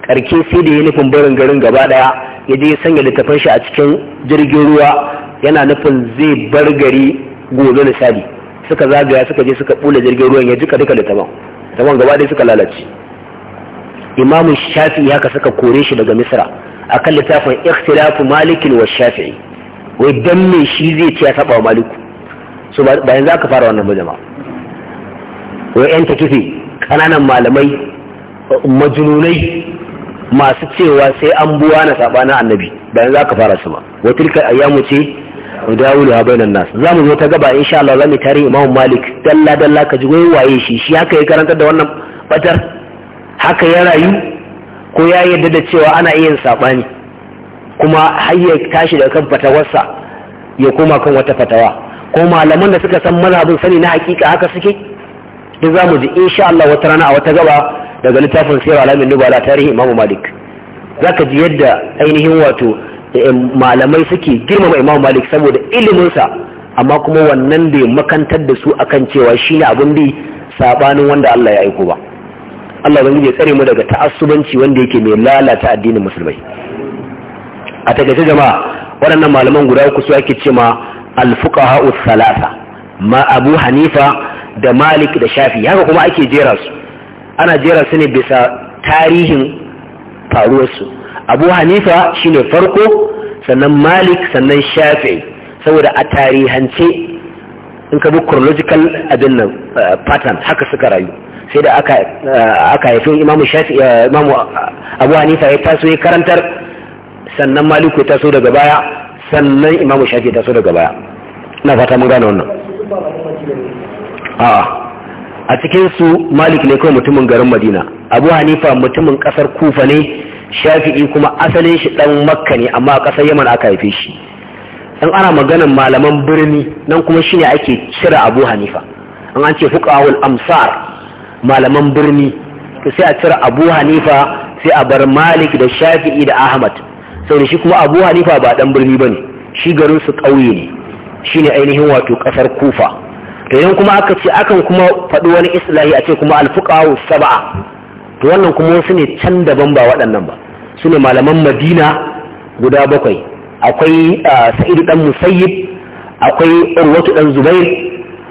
Speaker 1: karke sai da yi nufin barin garin gaba daya ya je sanya littafan shi a cikin jirgin ruwa yana nufin zai bar gari gobe misali suka zagaya suka je suka bula jirgin ruwan ya jika duka littafan littafan gaba ɗaya suka lalace imamu shafi haka suka kore shi daga misra akan littafin ikhtilafu malikin wa shafi'i wai dan me shi zai ce ya saba wa maliku so ba yanzu aka fara wannan ba jama'a wai yan takifi kananan malamai majununai masu cewa sai an buwa na sabanin annabi bayan za ka fara su ba watilka ayyamu ce dawulu ha bainan nas za mu zo ta gaba insha Allah zamu tare Imam Malik dalla dalla ka ji goyi waye shi shi haka ya karanta da wannan batar haka ya rayu ko ya yarda da cewa ana iya sabani kuma har ya tashi daga kan fatawarsa ya koma kan wata fatawa ko malaman da suka san mazhabin sani na hakika haka suke duk za mu ji insha Allah wata rana a wata gaba daga littafin sayar alamin nubala tarihi imamu malik za ka ji yadda ainihin wato eh, malamai suke girmama imamu malik saboda iliminsa amma kuma wannan bai makantar da su akan cewa shi ne abin bi sabanin wanda Allah ya aiko ba Allah zan ya tsare mu daga ta'assubanci wanda yake mai lalata addinin musulmai a takaice jama'a waɗannan malaman guda uku su ake cewa al-fuqaha salasa ma Abu Hanifa da Malik da Shafi haka kuma ake jera su ana jera su ne bisa tarihin faruwarsu abu hanifa shine farko sannan malik sannan shafi saboda a tarihance in ka bi chronological abin nan eh, pattern haka suka rayu sai da aka eh, haifin imamu shafi eh, imamu abu hanifa ya taso ya karantar sannan maliku ya taso daga baya sannan imamu shafi ya taso daga baya na fata mun gane wannan a'a a cikin su malik ne kawai mutumin garin madina abu hanifa mutumin kasar kufa ne shafi'i kuma asalin shi dan makka ne amma a kasar yaman aka haife shi in ana maganan malaman birni nan kuma shine ake cire abu hanifa an an ce fuqahul amsar malaman birni to sai a cire abu hanifa sai a bar malik da shafi'i da ahmad saboda shi kuma abu hanifa ba dan birni bane shi garin su kauye ne shine ainihin wato kasar kufa to idan kuma aka ce akan kuma faɗi wani islahi a ce kuma alfuqahu saba'a. to wannan kuma wasu ne can daban ba waɗannan ba su ne malaman madina guda bakwai akwai sa'idu ɗan musayyib akwai urwatu ɗan zubair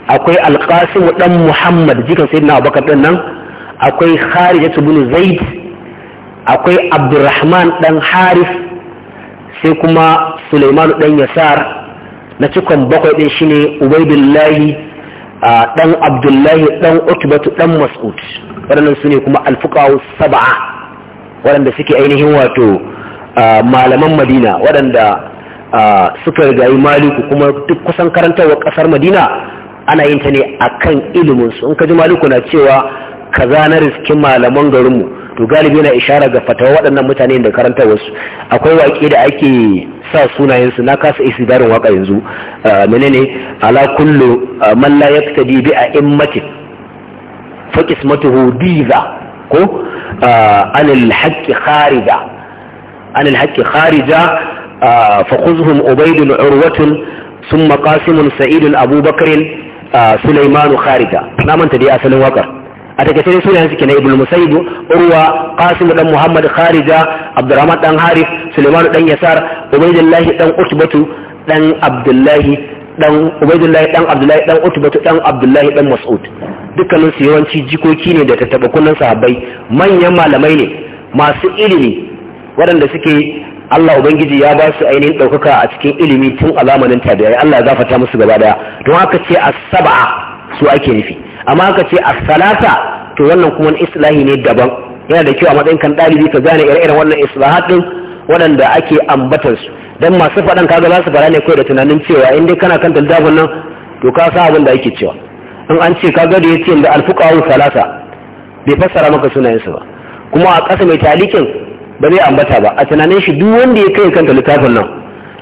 Speaker 1: akwai Alƙasimu ɗan muhammad jikan sayyidina abubakar ɗin nan akwai kharijatu bin zaid akwai abdurrahman ɗan harif sai kuma Suleimanu ɗan yasar na cikon bakwai ɗin shine ubaidullahi A dan abdullahi dan utbatu dan mas'ud waɗannan su kuma alfuqahu sab'a waɗanda suke ainihin wato malaman madina waɗanda suka rigayi maliku kuma duk kusan karantarwa ƙasar madina ana yin ta ne a kan su in ka ji maliku na cewa kaza na riskin malaman garinmu to galibi yana ishara ga fatawa waɗannan mutane da karantarwarsu akwai waƙe da ake sa sunayensu na kasa isidarin waka yanzu menene ala kullu man la yaktadi bi a'immatin fa qismatuhu diza ko anil haqqi kharija anil haqqi kharija fa khuzhum ubayd urwatun thumma qasim sa'id abu bakr sulaiman kharija na manta dai asalin wakar a takaice dai sunayen suke na ibn musayib urwa qasim dan muhammad kharija abdurrahman dan harith suleiman dan yasar ubaidullahi dan utbatu dan abdullahi dan ubaidullahi dan abdullahi dan utbatu dan abdullahi dan mas'ud dukkanin su yawanci jikoki ne da tattaba kunnan sahabbai manyan malamai ne masu ilimi waɗanda suke Allah Ubangiji ya ba su ainihin ɗaukaka a cikin ilimi tun a zamanin tabi'ai Allah ya zafata musu gaba daya don haka ce as-sab'a su ake nufi amma aka ce a salasa to wannan kuma islahi ne daban yana da kyau a matsayin kan ɗalibi ka gane ire-iren wannan islahat din waɗanda ake ambatar su dan masu faɗan kaga za su fara ne kai da tunanin cewa in dai kana kan littafin nan to ka sa abin da ake cewa in an ce kaga da yace da al salasa bai fassara maka sunayen su ba kuma a ƙasa mai talikin ba zai ambata ba a tunanin shi duk wanda ya kai kanta littafin nan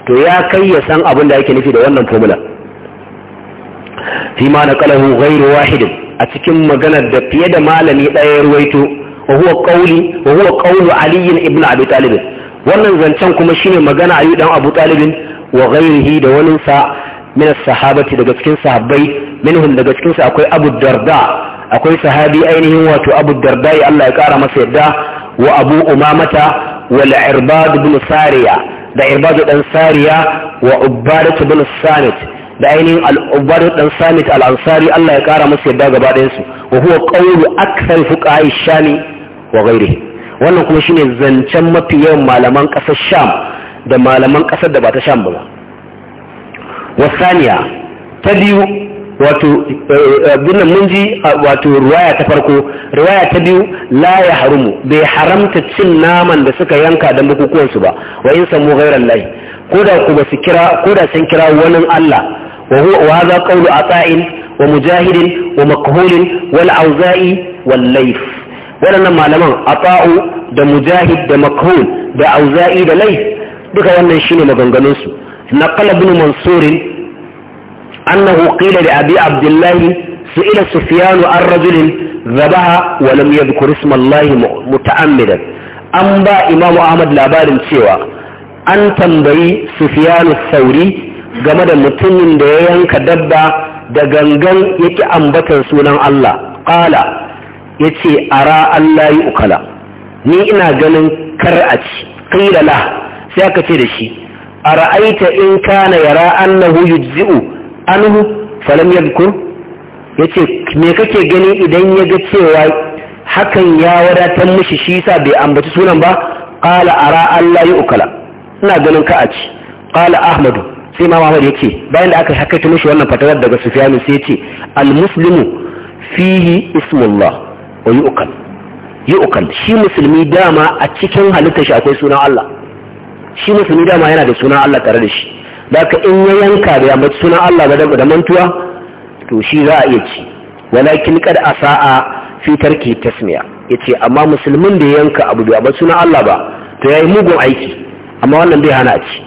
Speaker 1: to ya kai ya san abin da yake nufi da wannan formula fi ma naqalahu ghairu wahidin a cikin maganar da fiye da malami ɗaya ruwaito wa huwa qawli wa huwa qawlu ali ibn abi talib wannan zancen kuma shine magana ayu dan abu talib wa ghairihi da wani sa min sahabati daga cikin sahabbai minhum daga cikin su akwai abu darda akwai sahabi ainihin wato abu darda Allah ya kara masa yadda wa abu umamata wal irbad ibn sariya da irbad dan sariya wa ubbadah ibn samit da ainihin al'ubaru dan samit al'ansari Allah ya kara musu yadda gaba ɗayansu wa huwa qawlu akthar fuqaha shami wa gairi, wannan kuma shine zancen mafi yawan malaman ƙasar sham da malaman ƙasar da ba ta sham ba wasaniya ta biyu wato eh, abin mun ji wato riwaya ta farko riwaya ta biyu la ya harumu bai haramta cin naman da suka yanka don bukukuwan su ba wa in samu ghairan lahi ko da ku basu kira ko da sun kira wani Allah wa huwa wa qawlu ata'in wa mujahidin wa makhulin wal auza'i wal layf waɗannan malaman ata'u da mujahid da makhul da auza'i da layf duka wannan shine maganganun su naqala ibn mansurin أنه قيل لأبي عبد الله سئل سفيان عن رجل ذبح ولم يذكر اسم الله متعمدا أم با إمام أحمد لابار سوى أن تنبي سفيان الثوري game da mutumin da ya yanka dabba da gangan yake ambatar sunan Allah ƙala ya ce ara Allah yi ukala ni ina ganin kar a ci ƙilala sai aka ce da shi a ra'aita in kana yara annahu yujzi'u anhu falam ya yace me kake gani idan ya ga cewa hakan ya wadatar mishi shi sa bai ambaci sunan ba qala ara Allah yu'kala ina ganin ka a ci qala ahmadu sai ma ya ce bayan da aka hakaita mishi wannan fatarar daga Sufyan sai yace al muslimu fihi ismullah wa yi yu'kal shi musulmi dama a cikin halittar shi akwai sunan Allah shi musulmi dama yana da sunan Allah tare da shi da in ya yanka da ya mace sunan Allah da mantuwa to shi za a iya ci walakin a sa'a fitar ke tasmiya Ya ce amma musulmin da yanka abu da ba suna Allah ba to ya yi mugun aiki amma wannan bai hana ci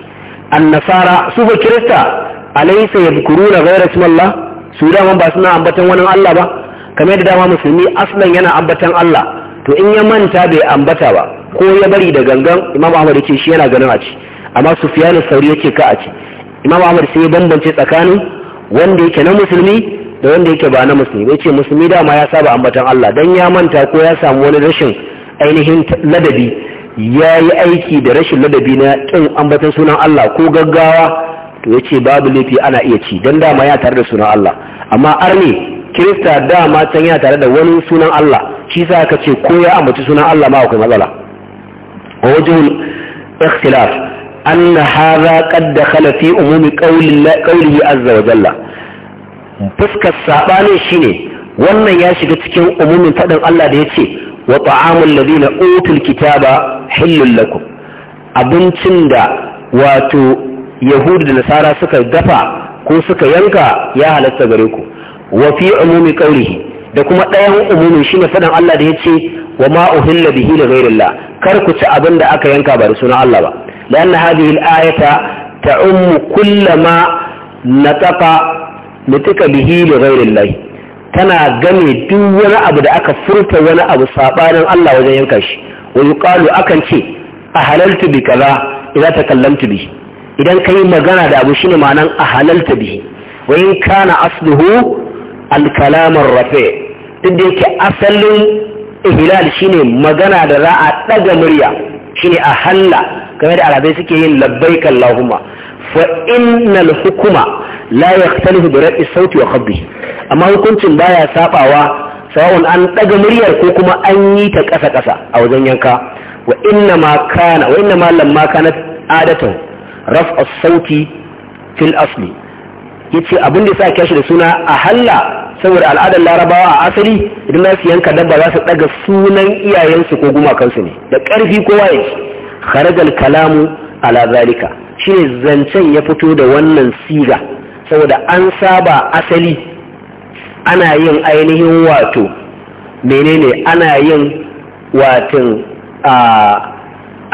Speaker 1: An nasara, su ba kirista ya bukuru ghayra gaira su dama ba suna ambatan wani Allah ba kamar da dama musulmi aslan yana ambatan Allah to in ya manta bai ambata ba ko ya bari da gangan imam ahmad yake shi yana ganin a ci amma sufyan sauri yake ka a ci imam ahmad sai ya bambance tsakanin wanda yake na musulmi da wanda yake ba na musulmi bai ce musulmi dama ya saba ambatan Allah dan ya manta ko ya samu wani rashin ainihin ladabi ya yi aiki da rashin ladabi na ƙin ambatan sunan Allah ko gaggawa to ya ce babu laifi ana iya ci don dama ya tare da sunan Allah amma arne kirista dama can ya tare da wani sunan Allah shi sa ka ce ko ya ambaci sunan Allah ma akwai matsala a wajen ikhtilaf anna hadha da dakhala fi umumi qawlihi azza wa fuskar sabanin shine wannan ya shiga cikin umumin fadin Allah da yace wa ta'amul ladina utul kitaba hillul lakum abincin da wato yahudu da nasara suka dafa ko suka yanka ya halatta gare ku Wafi fi umumi da kuma ɗayan umumin shine faɗin Allah da yace wa ma uhilla bihi li ghairillah kar ku ci abin da aka yanka ba da sunan Allah ba لأن هذه الآية تعم كل ما نطق نطق به لغير الله tana game duk wani abu da aka furta wani abu sabanin Allah wajen yanka shi wa yuqalu akan ce ahalaltu bi kaza idan takallamtu bi idan kai magana da abu shine ma'anan ahalaltu bi wa in kana asluhu al kalam ar asalin ihlal shine magana da za a daga murya shine ahalla game da arabai suke yin labbaik Allahumma fa innal hukuma la yaxtalifu bi ra'i sauti wa khabbi amma hukuncin baya sabawa sawa'un an daga muryar ko kuma an yi ta kasa kasa a wajen yanka wa inna ma kana wa inna ma lamma kanat adatan raf'a sauti fil asli yace abin da yasa kashi da suna a halla saboda al'adar larabawa a asali idan za su yanka dabba za su daga sunan iyayensu ko gumakansu ne da karfi kowa yake kharajal kalamu ala zalika shine zancen ya fito da wannan siga saboda an saba asali ana yin ainihin wato menene ana yin watin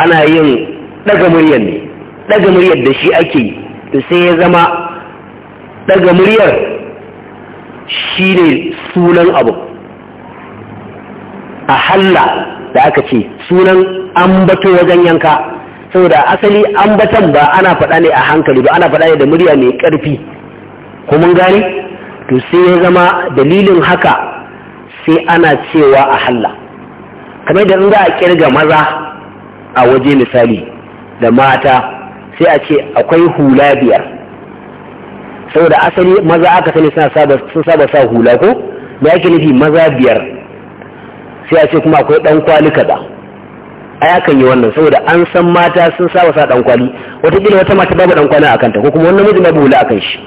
Speaker 1: ana yin daga muryar ne daga muryar da shi ake yi to sai ya zama daga muryar shi ne sunan abu a halla da aka ce sunan ambato wajen yanka saboda asali ambatan ba ana faɗa ne a hankali ba ana faɗa ne da murya mai ƙarfi ko mun gane to sai ya zama dalilin haka sai ana cewa a halla kamar da in za a kirga maza a waje misali da mata sai a ce akwai hula biyar saboda asali maza aka sani sun saba sa hula ko da yake nufi maza biyar sai a ce kuma akwai ɗan kwali kaza a ya yi wannan saboda an san mata sun saba sa ɗan kwali wata mata babu ɗan kwali a kanta ko kuma wani namiji babu wula a kan shi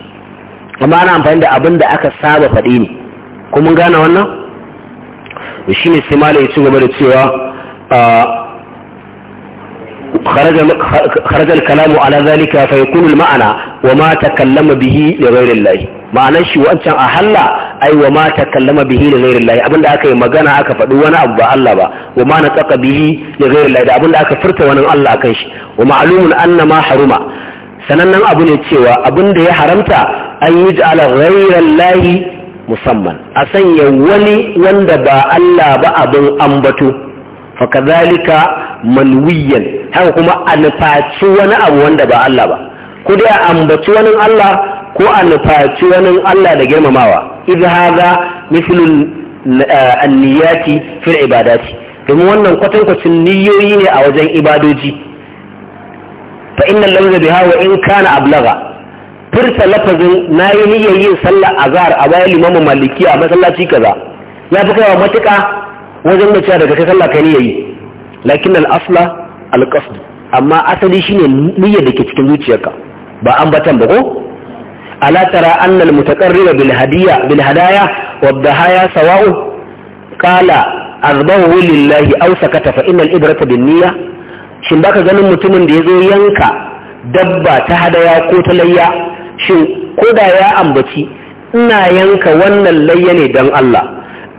Speaker 1: amma ana amfani da abin da aka saba faɗi ne ko mun gane wannan shi ne sai mala ya ci gaba da cewa ah, خرج الكلام على ذلك فيكون المعنى وما تكلم به لغير الله ma'anar shi wancan a halla ai wa ma takallama bihi da ghairin lahi abinda aka yi magana aka faɗi wani abu ba Allah ba wa ma na tsaka bihi da ghairin lahi da abinda aka furta wani Allah akan shi wa ma'lumun anna ma haruma sanannen abu ne cewa abinda ya haramta an yi ja'ala ghairin lahi musamman a sanya wani wanda ba Allah ba abin ambato fa kadhalika manwiyan haka kuma a nufaci wani abu wanda ba Allah ba ku dai a ambaci wani Allah ko a nufaci wani Allah da girmamawa idan hadha mithlu anniyati fil ibadati domin wannan kwatankwacin niyoyi ne a wajen ibadoji fa innal lamza biha wa in kana ablaga furta lafazin na yi niyyar yin sallar azhar a bayan limamin maliki a masallaci kaza ya fi kaiwa matuka wajen mace daga kai sallah kai niyyar yi lakin al asla alƙasd amma asali shine niyyar da ke cikin zuciyarka ba ambatan ba ko ala tara anna almutaqarriba bil hadiya bil hadaya wad sawa'u qala azbahu lillahi aw sakata fa innal ibrata bin niyya shin baka ganin mutumin da yazo yanka dabba ta hadaya ko ta layya shin koda ya ambaci ina yanka wannan layya ne dan Allah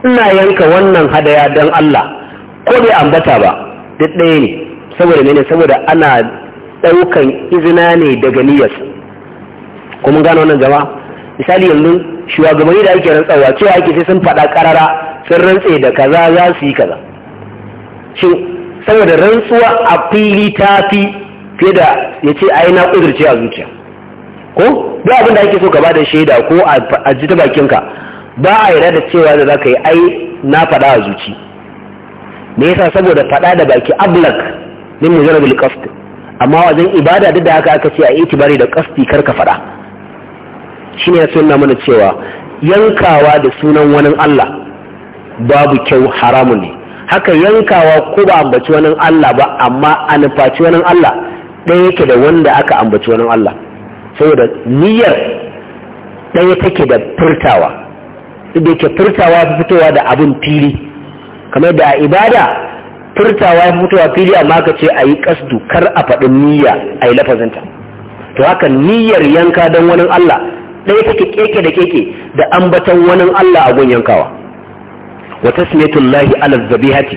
Speaker 1: ina yanka wannan hadaya dan Allah ko bai ambata ba duk ɗaya ne saboda mene saboda ana ɗaukan izina ne daga ko kuma gano wannan jama'a misali yanzu shugabanni da ake rantsawa cewa ake sai sun faɗa ƙarara sun rantse da kaza za su yi kaza shin saboda rantsuwa a fili ta fi fiye da ya ce a yi na ƙudurce a zuciya ko duk abin da ake so ka ba da shaida ko a ji ta bakinka ba a yarda da cewa da za ka yi ai na faɗa a zuci me yasa saboda faɗa da baki ablak min mujarrad al-qasd amma wajen ibada duk da haka aka ce a itibari da qasdi kar ka fada shine ya sunna mana cewa yankawa da sunan wani Allah babu kyau haramu ne haka yankawa ko ba ambaci wani Allah ba amma an faci wani Allah ɗaya yake da wanda aka ambaci wani Allah saboda niyyar ɗaya take da furtawa da yake furtawa fitowa da abin fili kamar da ibada furtawa ya mutuwa fili amma ka ce a yi kasdu kar a faɗin niyya a yi lafazinta to haka niyyar yanka don wani Allah ɗaya take keke da keke da ambaton wani Allah a gun yankawa wa tasmiyatul lahi ala zabihati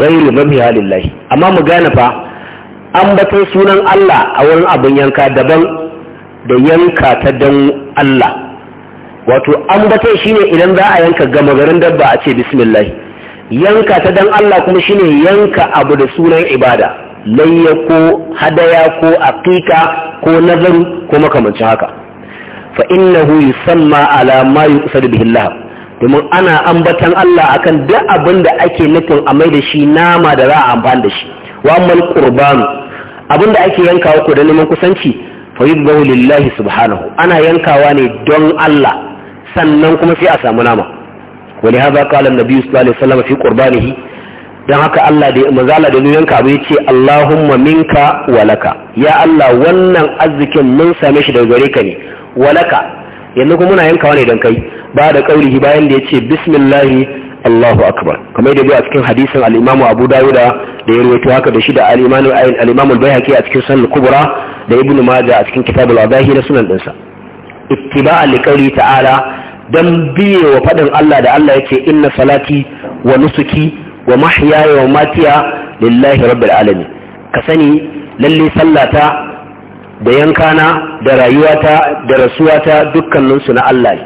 Speaker 1: ghairu mabiha lillahi amma mu gane fa ambaton sunan Allah a wurin abin yanka daban da yanka ta don Allah wato ambaton shine idan za a yanka gama garin dabba a ce bismillahi yanka ta dan Allah kuma shine yanka abu da sunan ibada layya ko hadaya ko aqiqa ko nazaru ko makamancin haka fa innahu yusamma ala ma da bihi Allah domin ana ambatan Allah akan duk abin da ake nufin a mai da shi nama da za a amfani da shi wa ammal qurban abin da ake yankawa ko da neman kusanci fa yudbahu lillahi subhanahu ana yankawa ne don Allah sannan kuma sai a samu nama wani haza kala nabi sallallahu alaihi wasallam fi qurbanihi dan haka Allah da manzo Allah da nuyanka abu ce, Allahumma minka walaka ya Allah wannan arzikin mun same shi daga gare ka ne walaka yanzu kuma muna wa ne dan kai ba da kaurihi bayan da yace bismillah Allahu akbar kamar da a cikin hadisin al-Imam Abu Dawud da ya rawaito haka da shi da al-Imam al-Imam al-Baihaqi a cikin Sunan Kubra da Ibn Majah a cikin Kitab al-Adahi na sunan dinsa ittiba'an li ta'ala don biye wa faɗin Allah da Allah yake inna salati wa nusuki wa mahyaya wa matiya lillahi rabbil alamin ka sani lalle sallata da yankana da rayuwata da rasuwata dukkanin su na Allah ne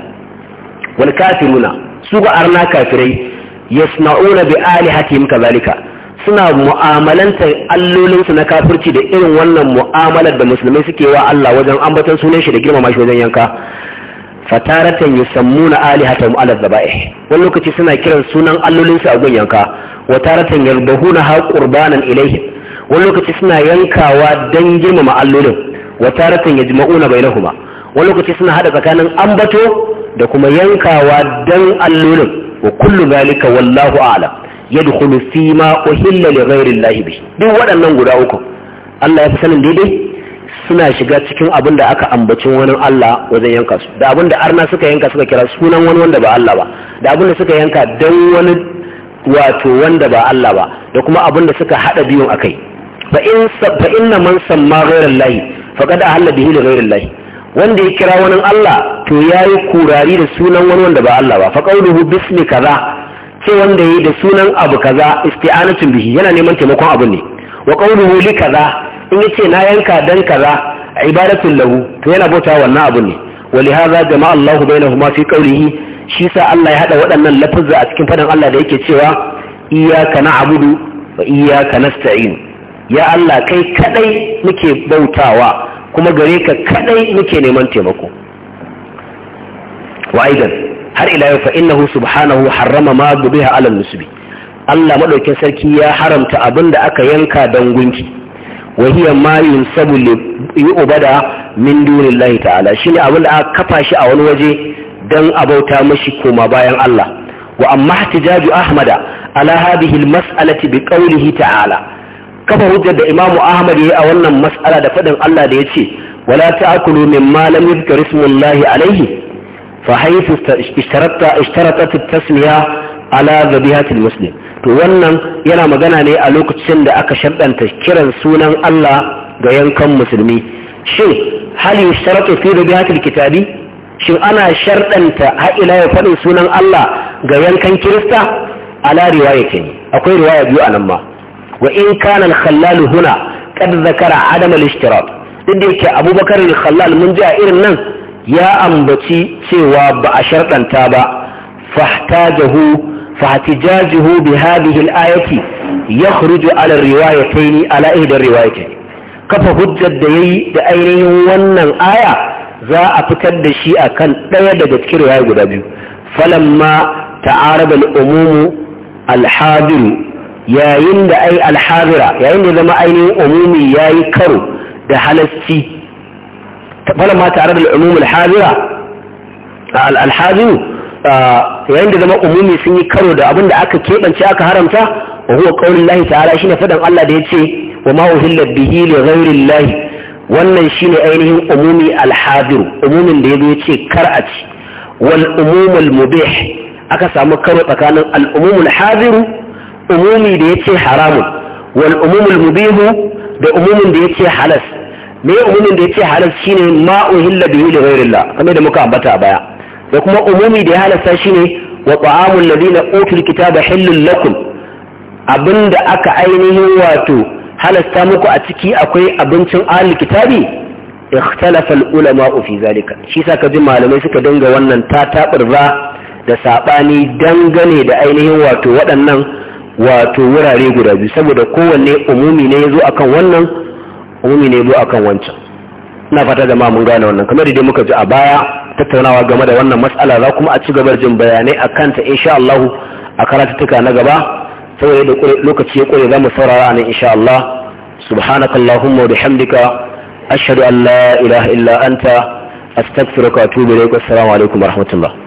Speaker 1: wal kafiruna su ga arna kafirai yasna'una bi alihatihim kazalika suna allolin allolinsu na kafirci da irin wannan mu'amalar da musulmai suke wa Allah wajen ambaton sunan shi da girmama shi wajen yanka fataratan yusammuna alihatahum ala dhabaih wani lokaci suna kiran sunan allolin su a gun yanka wa taratan yarbahuna ha qurbanan ilayhim wani lokaci suna yankawa dan girmama allolin wa taratan yajma'una bainahuma wani lokaci suna hada tsakanin ambato da kuma yankawa dan allolin wa kullu zalika wallahu a'lam yadkhulu fi ma uhilla li ghairi allahi bi duk waɗannan guda uku Allah ya fi sanin daidai suna shiga cikin abin da aka ambacin wani Allah wajen yanka su da abin da arna suka yanka suka kira sunan wani wanda ba Allah ba da abin da suka yanka don wani wato wanda ba Allah ba da kuma abin da suka hada biyun akai fa in fa inna man samma ghayra Allah faqad ahalla bihi li ghayri Allah wanda ya kira wani Allah to yayi kurari da sunan wani wanda ba Allah ba fa qawluhu bismi kaza ce wanda yayi da sunan abu kaza isti'anatun bihi yana neman taimakon abun ne wa qawluhu li kaza in yace na yanka dan kaza ibadatul lahu to yana bauta wannan abu ne walihaza jama'a Allahu bainahuma fi qawlihi shi sa Allah ya hada waɗannan lafazza a cikin fadan Allah da yake cewa iyyaka na'budu wa iyyaka nasta'in ya Allah kai kadai muke bautawa kuma gare ka kadai muke neman taimako wa aidan har ila yau fa innahu subhanahu harrama ma dubiha ala nusbi Allah madaukin sarki ya haramta abinda aka yanka dan gunki wa hiya ma yunsabu li yu'bada min dunillahi ta'ala shine abin da aka kafa shi a wani waje dan abauta mashi koma bayan Allah wa amma ihtijaju ahmada ala hadhihi almas'alati bi qawlihi ta'ala kafa hujjar da imamu ahmad yayi a wannan mas'ala da faɗin Allah da yace wala ta'kulu mimma lam yuzkar ismullahi alayhi fa haythu ishtarata ishtaratat tasmiya ala dhabihatil muslim to wannan yana magana ne a lokacin da aka shaddanta kiran sunan Allah ga yankan musulmi shin hal yushtaratu fi rubiyatil kitabi shin ana sharɗanta har ila ya faɗin sunan Allah ga yankan kirista ala riwayatin akwai riwaya biyu anan ma wa in kana al-khallal huna qad zakara adam al duk da yake Abubakar al-khallal mun ji a irin nan ya ambaci cewa ba a sharɗanta ba fahtajahu فاحتجاجه بهذه الآية يخرج على الروايتين على إحدى الروايتين كف حجة دي ainihin ونن آية za a fitar da shi akan ɗaya daga cikin riwaya guda biyu falamma ta'arab al'umumu alhadiru yayin da ai alhadira yayin da zama ainihin umumi ya yi karo da halasci falamma ta'arab yayin da zama umumi sun yi karo da abin da aka keɓance aka haramta wa huwa qaulin lahi ta'ala shine fadan Allah da ya ce wa ma uhilla bihi li ghairi llahi wannan ne ainihin umumi alhadir umumin da ya ce kar a ci wal umumul mubih aka samu karo tsakanin al umumul hadiru umumi da ya ce haramun wal umumul mubih da umumin da ya ce halas me umumin da ya ce halas shine ma uhilla bihi li ghairi llah kamar da muka ambata a baya da kuma umumi da ya halasta shine wa ta'amul ladina utul kitaba hillul lakum abinda aka ainihin wato halasta muku a ciki akwai abincin ahlul kitabi ikhtalafa ulama fi zalika shi sa ka ji malamai suka dinga wannan tatabirza da sabani dangane da ainihin wato waɗannan wato wurare guda biyu saboda kowanne umumi ne yazo akan wannan umumi ne yazo akan wancan ina fata jama'a mun gane wannan kamar da muka ji a baya tattaunawa game da wannan matsala za kuma a ci da jin bayanai a kanta insha Allah a karatuttuka na gaba saboda da lokaci ya kure za mu saurara nan insha Allah subhanakallahumma wa bihamdika ashhadu an la ilaha illa anta astaghfiruka wa atubu ilaik assalamu alaikum wa rahmatullah